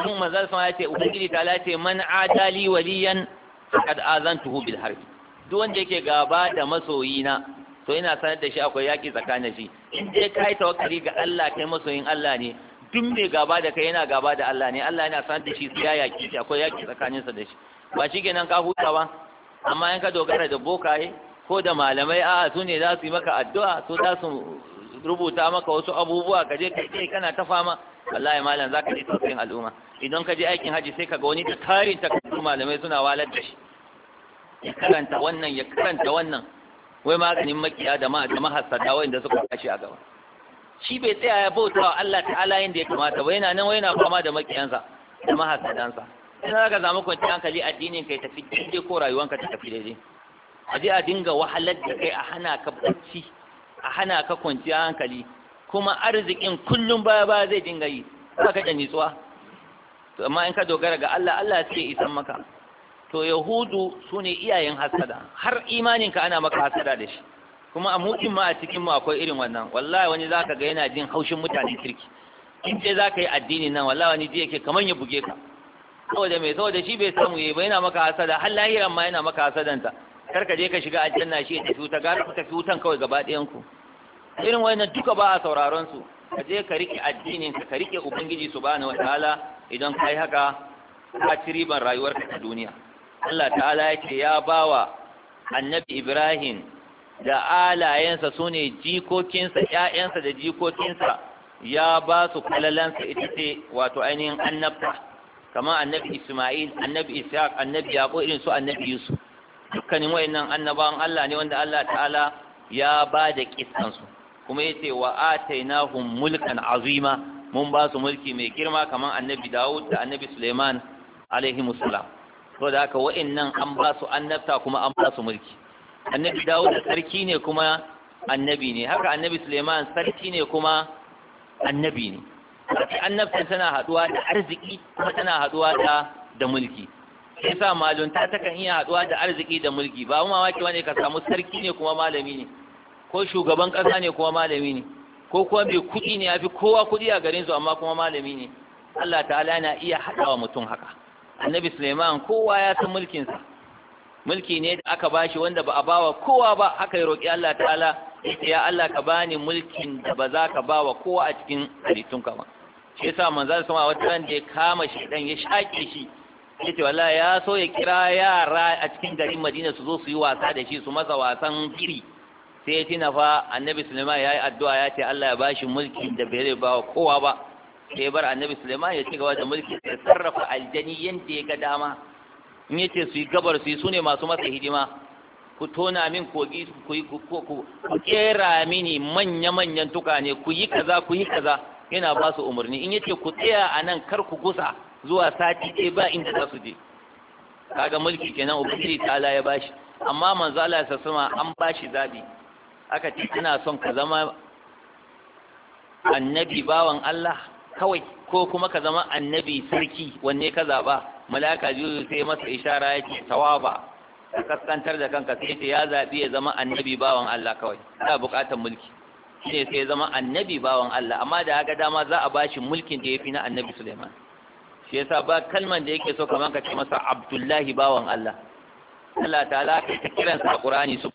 duk manzon sama ya ce ubangiji ta ce man adali waliyan qad azantuhu bil harbi duk wanda yake gaba da masoyina to ina sanar da shi akwai yaƙi tsakanin shi in dai ka yi tawakkali ga Allah kai masoyin Allah ne duk mai gaba da kai yana gaba da Allah ne Allah yana sanar da shi su ya yaƙi shi akwai yaƙi tsakaninsa da shi ba shi kenan ka huta ba amma in ka dogara da bokaye ko da malamai a'a su ne za su yi maka addu'a su za su rubuta maka wasu abubuwa ka je kai kana ta fama wallahi malam zaka ji tausayin al'umma idan ka je aikin haji sai ka ga wani da karin takardu malamai suna walar da shi ya karanta wannan ya karanta wannan wai maganin makiya da ma da mahassada wanda suka kashi a gaba shi bai tsaya ya bauta wa Allah ta'ala yanda ya kamata ba yana nan wai yana fama da makiyansa da mahassadansa sai zaka samu kwanciyar hankali addinin kai tafi daidai ko rayuwanka ta tafi daidai a je a dinga wahalar da kai a hana ka bacci a hana ka kwanciyar hankali kuma arzikin kullum baya baya zai dinga yi ba ka da nitsuwa to amma in ka dogara ga Allah Allah sai isan maka to yahudu su ne iyayen hasada har imaninka ana maka hasada da shi kuma a mutum ma a cikin mu akwai irin wannan wallahi wani zaka ga yana jin haushin mutanen kirki in ce zaka yi addini nan wallahi wani ji yake kamar ya buge ka saboda mai saboda shi bai samu yayi ba yana maka hasada har lahiran ma yana maka ta. kar ka je ka shiga aljanna shi ta tuta wuta gara ku tafi wutan kawai gaba ɗayan ku irin wannan duka ba a sauraron su ka je ka rike addinin ka ka rike ubangiji subhanahu wataala idan kai haka ka ci riban rayuwarka ta duniya Allah ta'ala ya ce ya bawa annabi Ibrahim da alayensa su ne jikokinsa ‘ya'yansa da jikokinsa ya ba su kwalalansa ita ce wato ainihin annabta kamar annabi Ismail annabi Ishaq annabi Yaƙo irin su annabi Yusuf dukkanin wayannan annabawan Allah ne wanda Allah ta'ala ya ba da ƙisansu, kuma ya ce wa hun mulkan azima mun ba su mulki mai girma kamar annabi Dawud da annabi Suleiman alaihi musulam. so da haka wa'annan an ba su annabta kuma an ba su mulki annabi dawo da sarki ne kuma annabi ne haka annabi suleiman sarki ne kuma annabi ne Sarki annabta tana haduwa da arziki kuma tana haduwa da da mulki sai sa malunta takan iya haduwa da arziki da mulki ba mu mamaki wani ka samu sarki ne kuma malami ne ko shugaban kasa ne kuma malami ne ko kuma mai kuɗi ne ya fi kowa kuɗi a garin su amma kuma malami ne Allah ta'ala na iya haɗawa mutum haka annabi suleiman kowa ya san mulkinsa mulki ne da aka ba shi wanda ba a bawa kowa ba haka ya roƙi Allah ta'ala ya Allah ka bani mulkin da ba za ka bawa kowa a cikin halittunka ba shi yasa manzon sama wata ran da ya kama shi dan ya shaƙe shi ce wallahi ya so ya kira yara a cikin garin Madina su zo su yi wasa da shi su masa wasan kiri sai ya tina fa annabi Sulaiman yayi addu'a ya ce Allah ya bashi mulkin da bai bawa kowa ba sai bar annabi suleiman ya ci gaba da mulki ya sarrafa aljani yadda ya ga dama in ya ce su yi gabar su yi su ne masu masa hidima ku tona min kogi ku yi ku kera mini manya-manyan tukane ku yi kaza ku yi kaza yana ba su umarni in ya ce ku tsaya a nan kar ku gusa zuwa sati ɗaya ba inda za su je kaga mulki kenan ubangiji ta ya bashi amma manzo Allah ya sama an bashi zabi aka ce ina son ka zama annabi bawan Allah kawai ko kuma ka zama annabi sarki wanne ka zaɓa malaka jibril sai masa ishara yake tawaba ka kaskantar da kanka sai ce ya zaɓi ya zama annabi bawan Allah kawai ana buƙatar mulki shine sai ya zama annabi bawan Allah amma da haka dama za a bashi mulkin da ya fi na annabi Suleiman shi yasa ba kalman da yake so kamar ka ce masa Abdullahi bawan Allah Allah ta'ala ta kiran sa Qur'ani su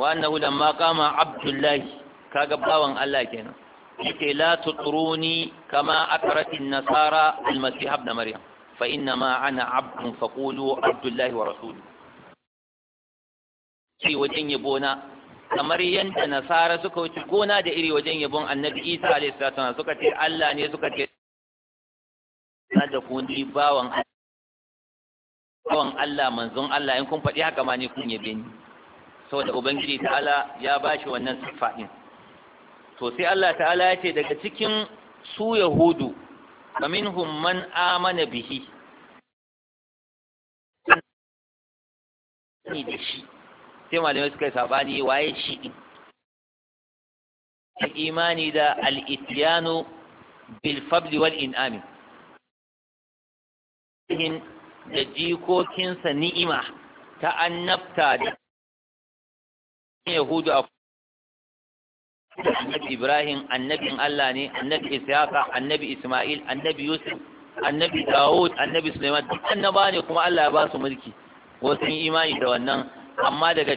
wa annahu lamma qama Abdullahi kaga bawan Allah kenan yake la tutruni kama akratin nasara almasih ibn maryam fa inna ma ana abdun faqulu abdullahi wa rasulu shi wajen yabo na kamar yadda nasara suka wuce gona da iri wajen yabon annabi isa alayhi salatu wasallam suka ce Allah ne suka ce na da ku ni bawan bawan Allah manzon Allah in kun faɗi haka ma ne kun yabe ni saboda ubangiji ta'ala ya bashi wannan siffa din to sai Allah ta'ala ya ce daga cikin su yahudu فمنهم man amana bihi ni da shi sai malamai suka sabani waye shi imani da al-ityanu bil fadl wal in'am in da jikokinsa ni'ima ta annabta da yahudu a annabi ibrahim annabi allah ne annabi ishaqa annabi isma'il annabi yusuf annabi dawud annabi suleiman duk annaba ne kuma allah ya ba su mulki wasu yi imani da wannan amma daga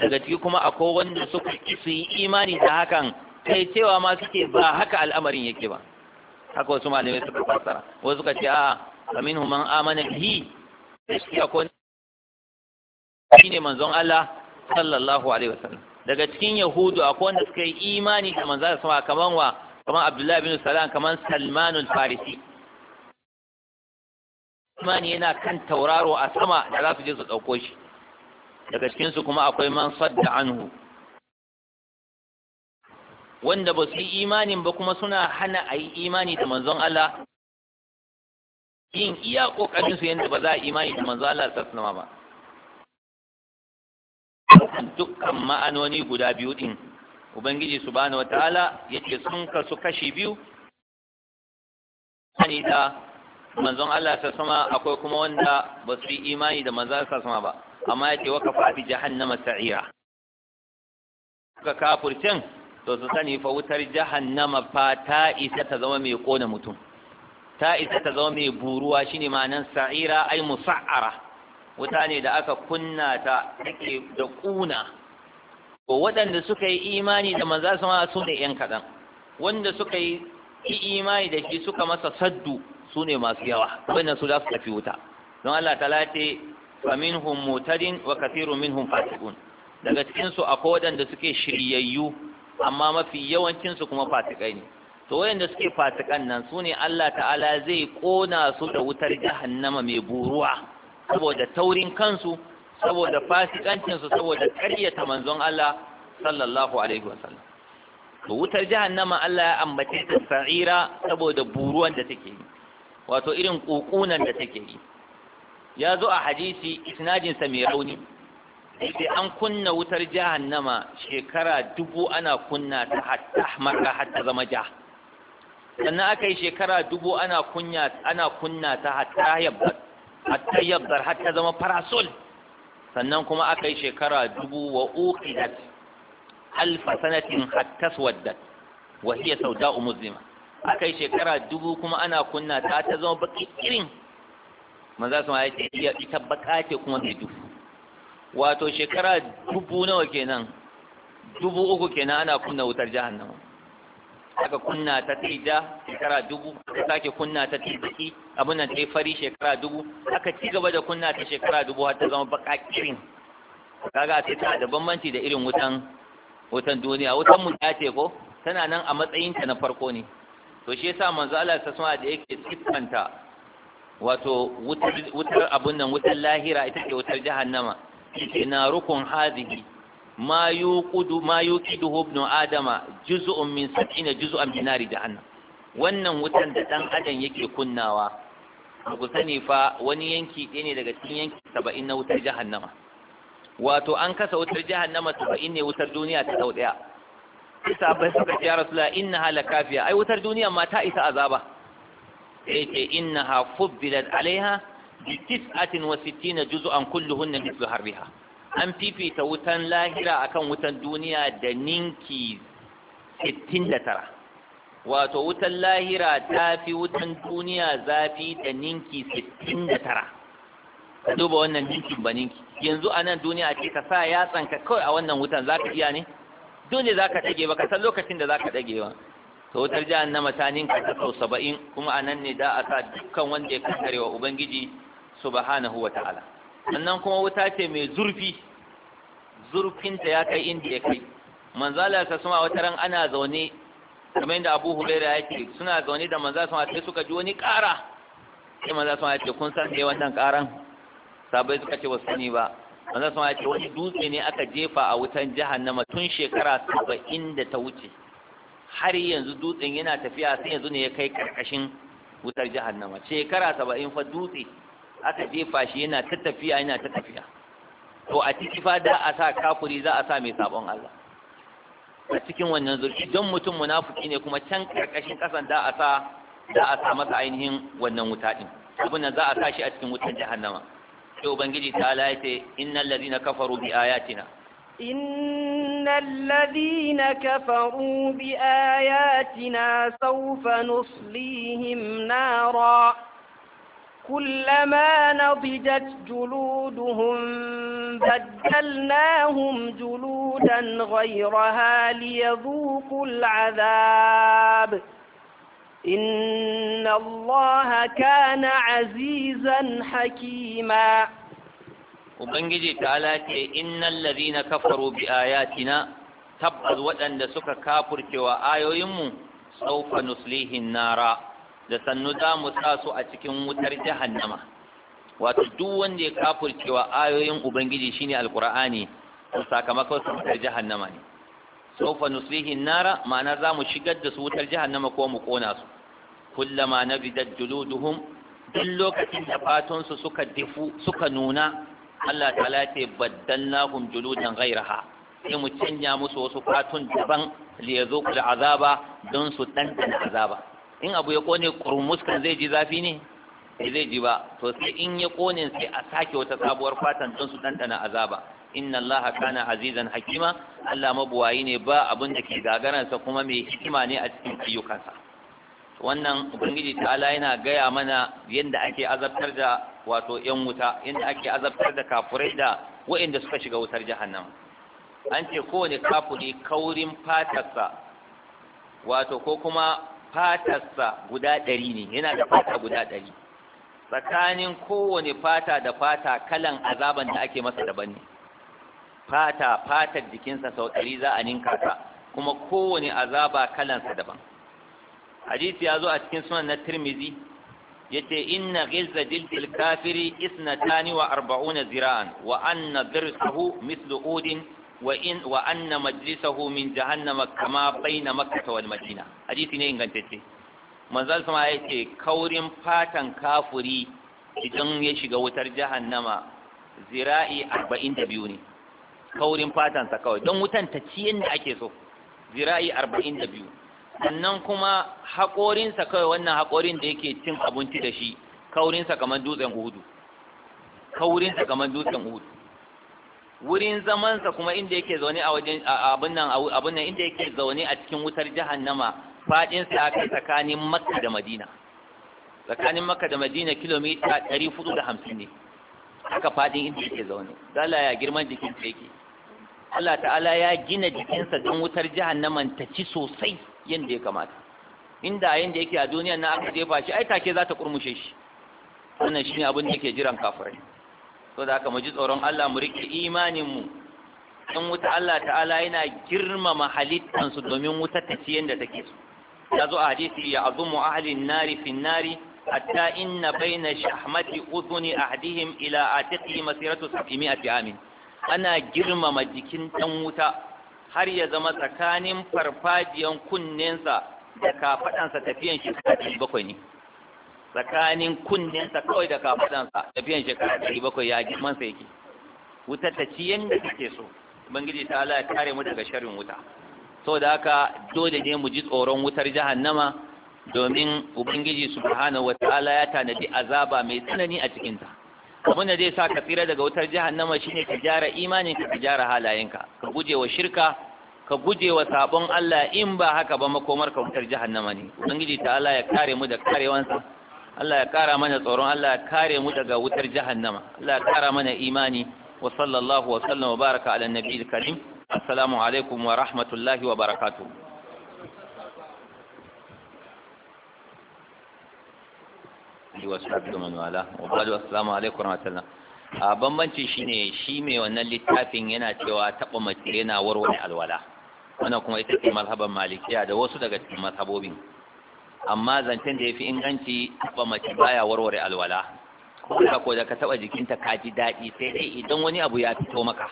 daga ciki kuma akwai wanda suka su yi imani da hakan kai cewa ma suke ba haka al'amarin yake ba haka wasu malamai suka fassara wasu suka ce a kamin man amana bihi da shi akwai ne manzon Allah sallallahu alaihi wasallam daga cikin yahudu akwai wanda suka yi imani da manza da sama kaman wa kamar abdullahi bin Salam kaman Salmanu farisi imani yana kan tauraro a sama da za su je su dauko shi daga cikin su kuma akwai man sadda anhu wanda ba su yi imanin ba kuma suna hana a yi imani da manzon Allah yin iya kokarin su yadda ba za a imani da manzon Allah sallallahu alaihi wasallam ba dukkan ma'anoni guda biyu ɗin ubangiji ta'ala ya ce sun kasu kashi biyu sani da manzon Allah ta sama akwai kuma wanda ba su yi imani da manzon Allah ta sama ba amma yace wa kafa jahannama sa'ira ka kafurcin to su sani fa wutar jahannama fa ta isa ta zama mai kona mutum ta isa ta zama mai buruwa shine ma'anan sa'ira ai musa'ara wuta ne da aka kunna ta take da kuna ko waɗanda suka yi imani da manzo sama su ne yan kaɗan wanda suka yi imani da shi suka masa saddu su ne masu yawa wannan su za su tafi wuta don Allah ta late faminhum motarin wa kathirun minhum fasiqun daga cikinsu akwai waɗanda suke shiryayyu amma mafi yawancinsu kuma fasikai ne to wayanda suke fasikan nan su ne Allah ta'ala zai kona su da wutar jahannama mai buruwa saboda taurin kansu saboda fasikancinsu saboda ƙaryata manzon Allah sallallahu alaihi wasallam to wutar jahannama Allah ya ambace ta sa'ira saboda buruwan da take yi wato irin kokunan da take yi ya zo a hadisi isnadin sa mai rauni sai an kunna wutar jahannama shekara dubu ana kunna ta hatta maka hatta zama jah sannan aka yi shekara dubu ana kunna ta hatta yabbat hatta yabdar hatta zama farasol sannan kuma aka yi shekara dubu wa uqidat alfa sanatin hatta swaddat wa hiya sawda'u muzlima aka yi shekara dubu kuma ana kunna ta ta zama baki irin manzo sun ya ce iya ita baka ce kuma mai dubu wato shekara dubu nawa kenan dubu uku kenan ana kunna wutar jahannama aka kunna ta tida shekara dubu aka sake kunna ta tibiki abin nan ta fari shekara dubu aka ci gaba da kunna ta shekara dubu har ta zama baka kirin kaga sai ta da bambanci da irin wutan wutan duniya wutan mu ta ce ko tana nan a matsayin ta na farko ne to shi yasa manzo Allah ta sama da yake siffanta wato wutar abun nan wutar lahira ita ce wutar jahannama ina rukun hadihi ma yuqudu ma yuqiduhu ibn adama juz'un min 70 juz'an min nari jahannam wannan wutan da dan adam yake kunnawa ku sani fa wani yanki ɗaya ne daga cikin yanki saba'in na wutar jahannama wato an kasa wutar jahannama saba'in ne wutar duniya ta sau ɗaya isa bai suka ce ya rasula inna hala kafiya ai wutar duniya ma ta isa azaba sai ce inna ha fubbilat alaiha bi tis'atin wa sittina juz'an kulluhunna mithlu harriha an fifita wutan lahira akan wutan duniya da ninki 69 wato wutan lahira ta fi wutan duniya zafi da ninki 69 ka duba wannan ninkin ba ninki yanzu a nan duniya ce ka sa tsanka kawai a wannan wutan za ka iya ne dole za ka ɗage ba ka san lokacin da za ka ɗage ba Ka wutar na matanin ka ta sau saba'in kuma a nan ne da a sa dukkan wanda ya kankarewa ubangiji subhanahu wa ta'ala sannan kuma wuta ce mai zurfi zurfinta ya kai inda ya kai manzala ta suma wata ran ana zaune kamar da abu hulaira ce suna zaune da manzala suma sai suka ji wani ƙara sai manzala suma ce kun san da wannan ƙaran sabai suka ce wasu ne ba manzala suma ce wani dutse ne aka jefa a wutan jahannama tun shekara saba'in da ta wuce har yanzu dutsen yana tafiya sai yanzu ne ya kai karkashin wutar jahannama shekara saba'in fa dutse aka jefa shi yana ta tafiya yana ta tafiya to a ciki fa da a sa kafuri za a sa mai sabon Allah a cikin wannan zurfi don mutum munafiki ne kuma can karkashin kasan da a sa da a sa masa ainihin wannan wuta din abin za a sa shi a cikin wutan jahannama sai ubangiji ta ala ya ce innal ladina kafaru bi ayatina إن الذين كفروا بآياتنا سوف نصليهم نارا كلما نضجت جلودهم بدلناهم جلودا غيرها ليذوقوا العذاب إن الله كان عزيزا حكيما Ubangiji ta'ala ce innal ladhina kafaru bi ayatina tabbas waɗanda suka wa ayoyinmu sawfa nuslihin nara da sannu za mu sa su a cikin wutar jahannama wato duk wanda ya kafurcewa ayoyin ubangiji shine alqur'ani to sakamakon su wutar jahannama ne sawfa nuslihi nara ma'ana za mu shigar da su wutar jahannama ko mu kona su kullama nabidat juluduhum duk lokacin da fatun su suka difu suka nuna Allah ta'ala ce baddalnahum juludan ghayraha sai mu canja musu wasu fatun daban li azaba don su dandana azaba in abu ya kone kurmuskan zai ji zafi ne ba zai ji ba to sai in ya kone sai a sake wata sabuwar fatan don su ɗanɗana azaba inna allaha kana azizan hakima allah mabuwayi ne ba abin da ke gagaransa kuma mai hikima ne a cikin ayyukansa wannan ubangiji ta'ala yana gaya mana yadda ake azabtar da wato yan wuta yadda ake azabtar da kafurai da wa'inda suka shiga wutar jahannama an ce kowane kafuri kaurin fatarsa wato ko kuma fatarsa guda ɗari ne yana da fata guda ɗari tsakanin kowane fata da fata kalan azaban da ake masa daban ne fata fatar jikinsa sau ɗari za a ninka ta kuma kowane azaba kalansa daban hadisi ya zo a cikin sunan na tirmizi yace inna ghilza jildil kafiri isnatani wa arba'una zira'an wa anna dhirsuhu misli udin wa in wa anna majlisahu min jahannama kama baina makkah wal madina hadisi ne ingantacce manzo sama ya ce kaurin fatan kafuri idan ya shiga wutar jahannama zira'i 42 ne kaurin fatan sa kawai don wutan ta ci yanda ake so zira'i 42 sannan kuma hakorin sa kawai wannan haƙorin da yake cin abinci da shi kaurin sa kamar dutsen hudu kaurin sa kamar dutsen hudu wurin zamansa kuma inda yake zaune a wajen abin nan abin nan inda yake zaune a cikin wutar jahannama fadin sa kai tsakanin Makka da Madina tsakanin Makka da Madina kilomita 450 ne haka fadin inda yake zaune dala ya girman jikin sa yake Allah ta'ala ya gina jikinsa don wutar jahannama ta ci sosai yanda ya kamata inda yanda yake a duniya na aka jefa shi ai take za ta kurmushe shi wannan shine abin da yake jiran kafirai so da aka mu ji tsoron Allah mu rike imanin mu in wuta Allah ta'ala yana girmama halittansu domin wuta ta ci yadda take su, ya zo a hadisi ya azumu ahlin nari fin nari hatta inna baina shahmati udhuni ahdihim ila atiqi masiratu 700 amin ana girmama jikin dan wuta har ya zama tsakanin farfajiyan kunnensa da kafadansa tafiyan shi bakwai ne tsakanin kunninsa kawai da kafadansa tafiyan shekara ɗari bakwai ya girman sa yake wutar ta ci yadda take so ubangiji ta Allah ya kare mu daga sharrin wuta saboda haka dole ne mu ji tsoron wutar jahannama domin ubangiji subhanahu wataala ya tanadi azaba mai tsanani a cikin ta abin da zai sa ka tsira daga wutar jahannama shine ka gyara imanin ka gyara halayenka ka guje wa shirka ka guje wa sabon Allah in ba haka ba makomar ka wutar jahannama ne ubangiji ta Allah ya kare mu da karewansa Allah ya kara mana tsoron Allah ya kare mu daga wutar jahannama Allah ya kara mana imani wa sallallahu wa sallam wa baraka ala nabiyil karim assalamu alaikum wa rahmatullahi wa barakatuh assalamu alaikum wa rahmatullah a bambanci shine shi mai wannan littafin yana cewa taba mace yana warware alwala wannan kuma ita ce malhaban malikiya da wasu daga cikin mazhabobin amma zancen da ya fi inganci ba mace baya warware alwala ko da ko da ka taba jikinta ka ji daɗi sai dai idan wani abu ya fito maka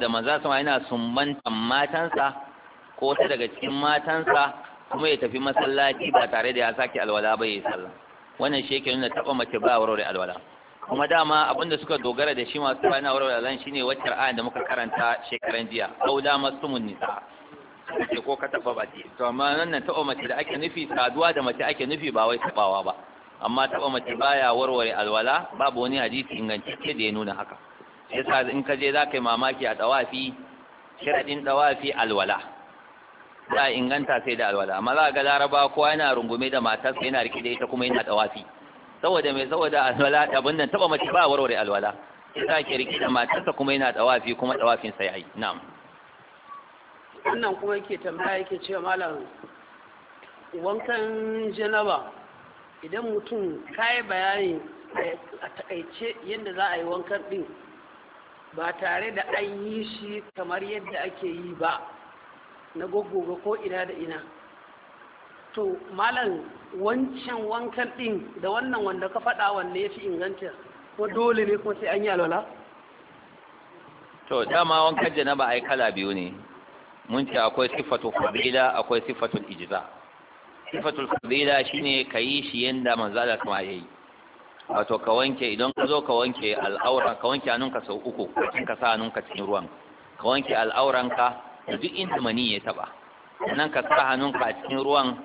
da maza sama yana sumbantan matansa ko ta daga cikin matansa kuma ya tafi masallaci ba tare da ya sake alwala ba yayi sallah wannan shi yake nuna taba mace ba warware alwala kuma dama abinda suka dogara da shi masu bayan warware alwala shine wacce ra'ayin da muka karanta shekaran jiya sauda masumun nisa ce ko ka taɓa baki to amma na taɓa mace da ake nufi saduwa da mace ake nufi ba wai taɓawa ba amma taɓa mace baya warware alwala babu wani hadisi ingantacce da ya nuna haka yasa in ka je za ka yi mamaki a ɗawafi sharaɗin ɗawafi alwala za a inganta sai da alwala amma za ga laraba kowa yana rungume da matarsa yana rike da ita kuma yana ɗawafi saboda mai saboda alwala abin nan taɓa mace ba warware alwala yasa ke rike da matarsa kuma yana ɗawafi kuma ɗawafinsa ya yi, na'am wannan kuma yake tambaya yake cewa malam wankan janaba idan mutum kayi bayani a takaice yadda za a yi wankan ɗin ba tare da an yi shi kamar yadda ake yi ba na goggoga ko ina da ina to malam wancan wankan ɗin da wannan wanda ka faɗa wanda ya fi inganta ko dole ne ko sai an yi alwala to dama wankan janaba ai kala biyu ne mun ce akwai sifatul fadila akwai sifatul ijza sifatul fadila shine kai shi yanda manzo Allah kuma yayi wato ka wanke idan ka zo ka wanke al'aura ka wanke hannunka sau uku kin ka sa hannunka cikin ruwan ka wanke al'auranka da duk inda mani ya taba nan ka sa hannunka a cikin ruwan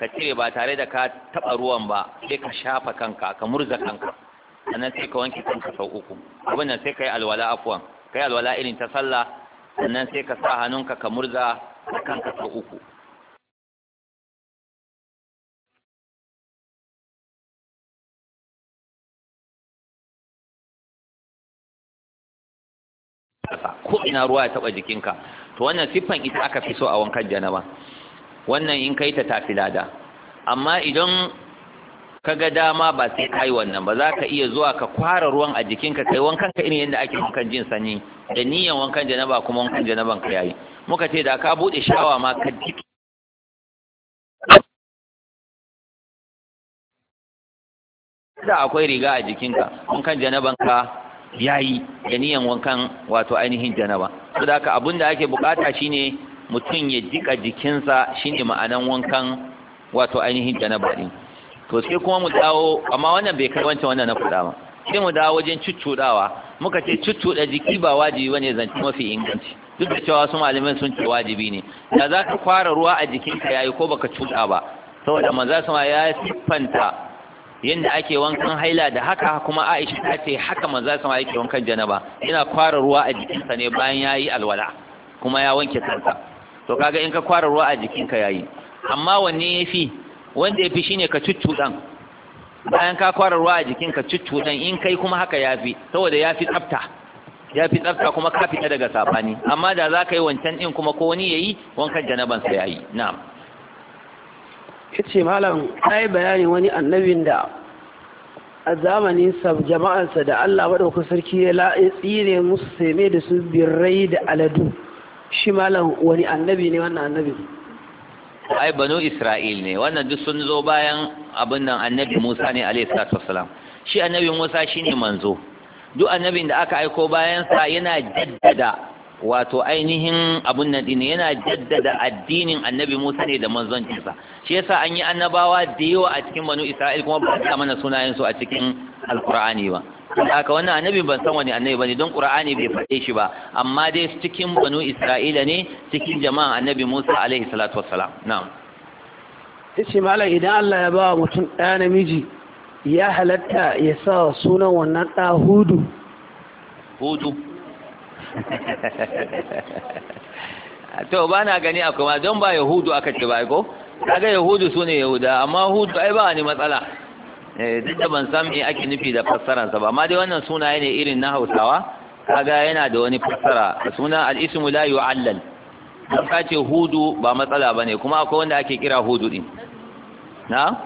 ka cire ba tare da ka taba ruwan ba sai ka shafa kanka ka murza kanka sannan sai ka wanke kanka sau uku abin nan sai ka yi alwala afwan ka yi alwala irin ta sallah sannan sai ka sa hannunka ka murza a kanka sau uku ko ina ruwa ya taba jikinka to wannan siffan ita aka fi so a wankan janaba wannan in kai ta tafi lada amma idan ka ga dama ba sai kai wannan ba za ka iya zuwa ka kwara ruwan a jikinka kai wankan ka irin yadda ake wankan jin sanyi da niyan wankan janaba kuma wankan janaban ka yayi muka ce da ka bude shawa ma ka jiki da akwai riga a jikinka wankan janaban ka yayi da niyan wankan wato ainihin janaba saboda haka abinda ake bukata shine mutum ya jika jikinsa shine ma'anan wankan wato ainihin janaba din to sai kuma mu dawo amma wannan bai kai wancan wannan na kuɗa ba sai mu dawo wajen cuccuɗawa muka ce cuccuɗa jiki ba wajibi bane zance mafi inganci duk da cewa su malamai sun ce wajibi ne da za ka fara ruwa a jikinka yayi ko baka cuɗa ba saboda maza sama ya siffanta yadda ake wankan haila da haka kuma Aisha ta ce haka maza sama yake wankan janaba yana fara ruwa a jikinsa ne bayan yayi alwala kuma ya wanke kansa to kaga in ka fara ruwa a jikinka yayi amma wanne yafi wanda ya fi shi ne ka ɗan bayan ka kwara ruwa a jikin ka ɗan in kai kuma haka ya fi saboda ya fi tsafta ya fi tsafta kuma ka fita daga safani amma da za ka yi wancan ɗin kuma ko wani ya yi wankan sa ya yi na ya ce malam ai bayani wani annabin da a zamanin sa jama'arsa da Allah maɗaukar sarki ya tsire musu sai da su birrai da aladu shi malam wani annabi ne wannan annabin ai banu isra'il ne wannan duk sun zo bayan abin nan annabi musa ne alayhi salatu wassalam shi annabi musa shine manzo duk annabin da aka aiko bayan sa yana jaddada wato ainihin abun nan din yana jaddada addinin annabi Musa ne da manzon manzoncinsa shi yasa an yi annabawa da yawa a cikin banu Isra'il kuma ba a mana sunayen su a cikin alkur'ani ba haka wannan annabi ban san wani annabi bane don qur'ani bai faɗe shi ba amma dai cikin banu isra'ila ne cikin jama'an annabi Musa alaihi salatu wassalam na'am shi malam idan Allah ya ba mutum ɗaya namiji ya halatta ya sa sunan wannan ɗa hudu hudu to ba na gani akwai ma don ba yahudu aka ce ba ko kaga yahudu sune yahuda amma hudu ai ba ni matsala Eh, duk da ban san me ake nufi da sa ba amma dai wannan sunaye ne irin na Hausawa kaga yana da wani fassara sunan al-ismu la yu'allal dan ka ce hudu ba matsala bane kuma akwai wanda ake kira hudu din na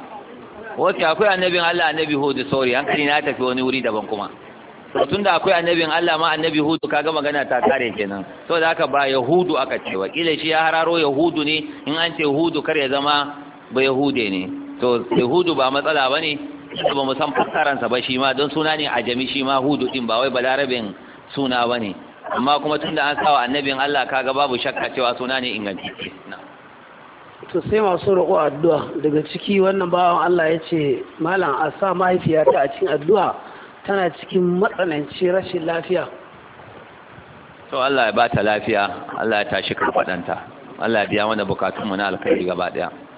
wace akwai annabin Allah annabi hudu sorry hankali na tafi wani wuri daban kuma to tunda akwai annabin Allah ma annabi hudu kaga magana ta kare kenan to da haka ba yahudu aka ce wa kila shi ya hararo yahudu ne in an ce hudu kar ya zama ba yahude ne to yahudu ba matsala bane da ba mu san fassaransa ba shi ma don suna ne jami shi ma hudu din ba wai balarabin suna ba ne amma kuma tun da an sawa annabin Allah kaga babu shakka cewa suna ne ingantacce to sai masu roƙo addu'a daga ciki wannan bawan Allah ya ce malam a sa mahaifiyata a cikin addu'a tana cikin matsananci rashin lafiya to Allah ya bata lafiya Allah ya tashi karfaɗanta Allah ya biya mana bukatunmu na alkhairi gaba ɗaya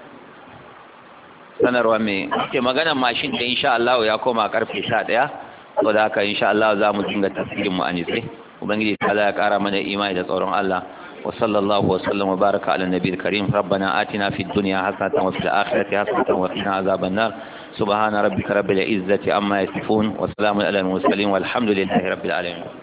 sanarwa mai ke magana mashin da insha Allah ya koma karfe 11 saboda haka insha Allah za mu dinga tafsirin mu anisai ubangiji ta ya kara mana imani da tsoron Allah wa sallallahu wa sallam wa baraka ala nabiyil karim rabbana atina fid dunya hasanatan wa fil akhirati hasanatan wa qina azaban nar subhana rabbika rabbil izzati amma yasifun wa salamun alal mursalin walhamdulillahi rabbil alamin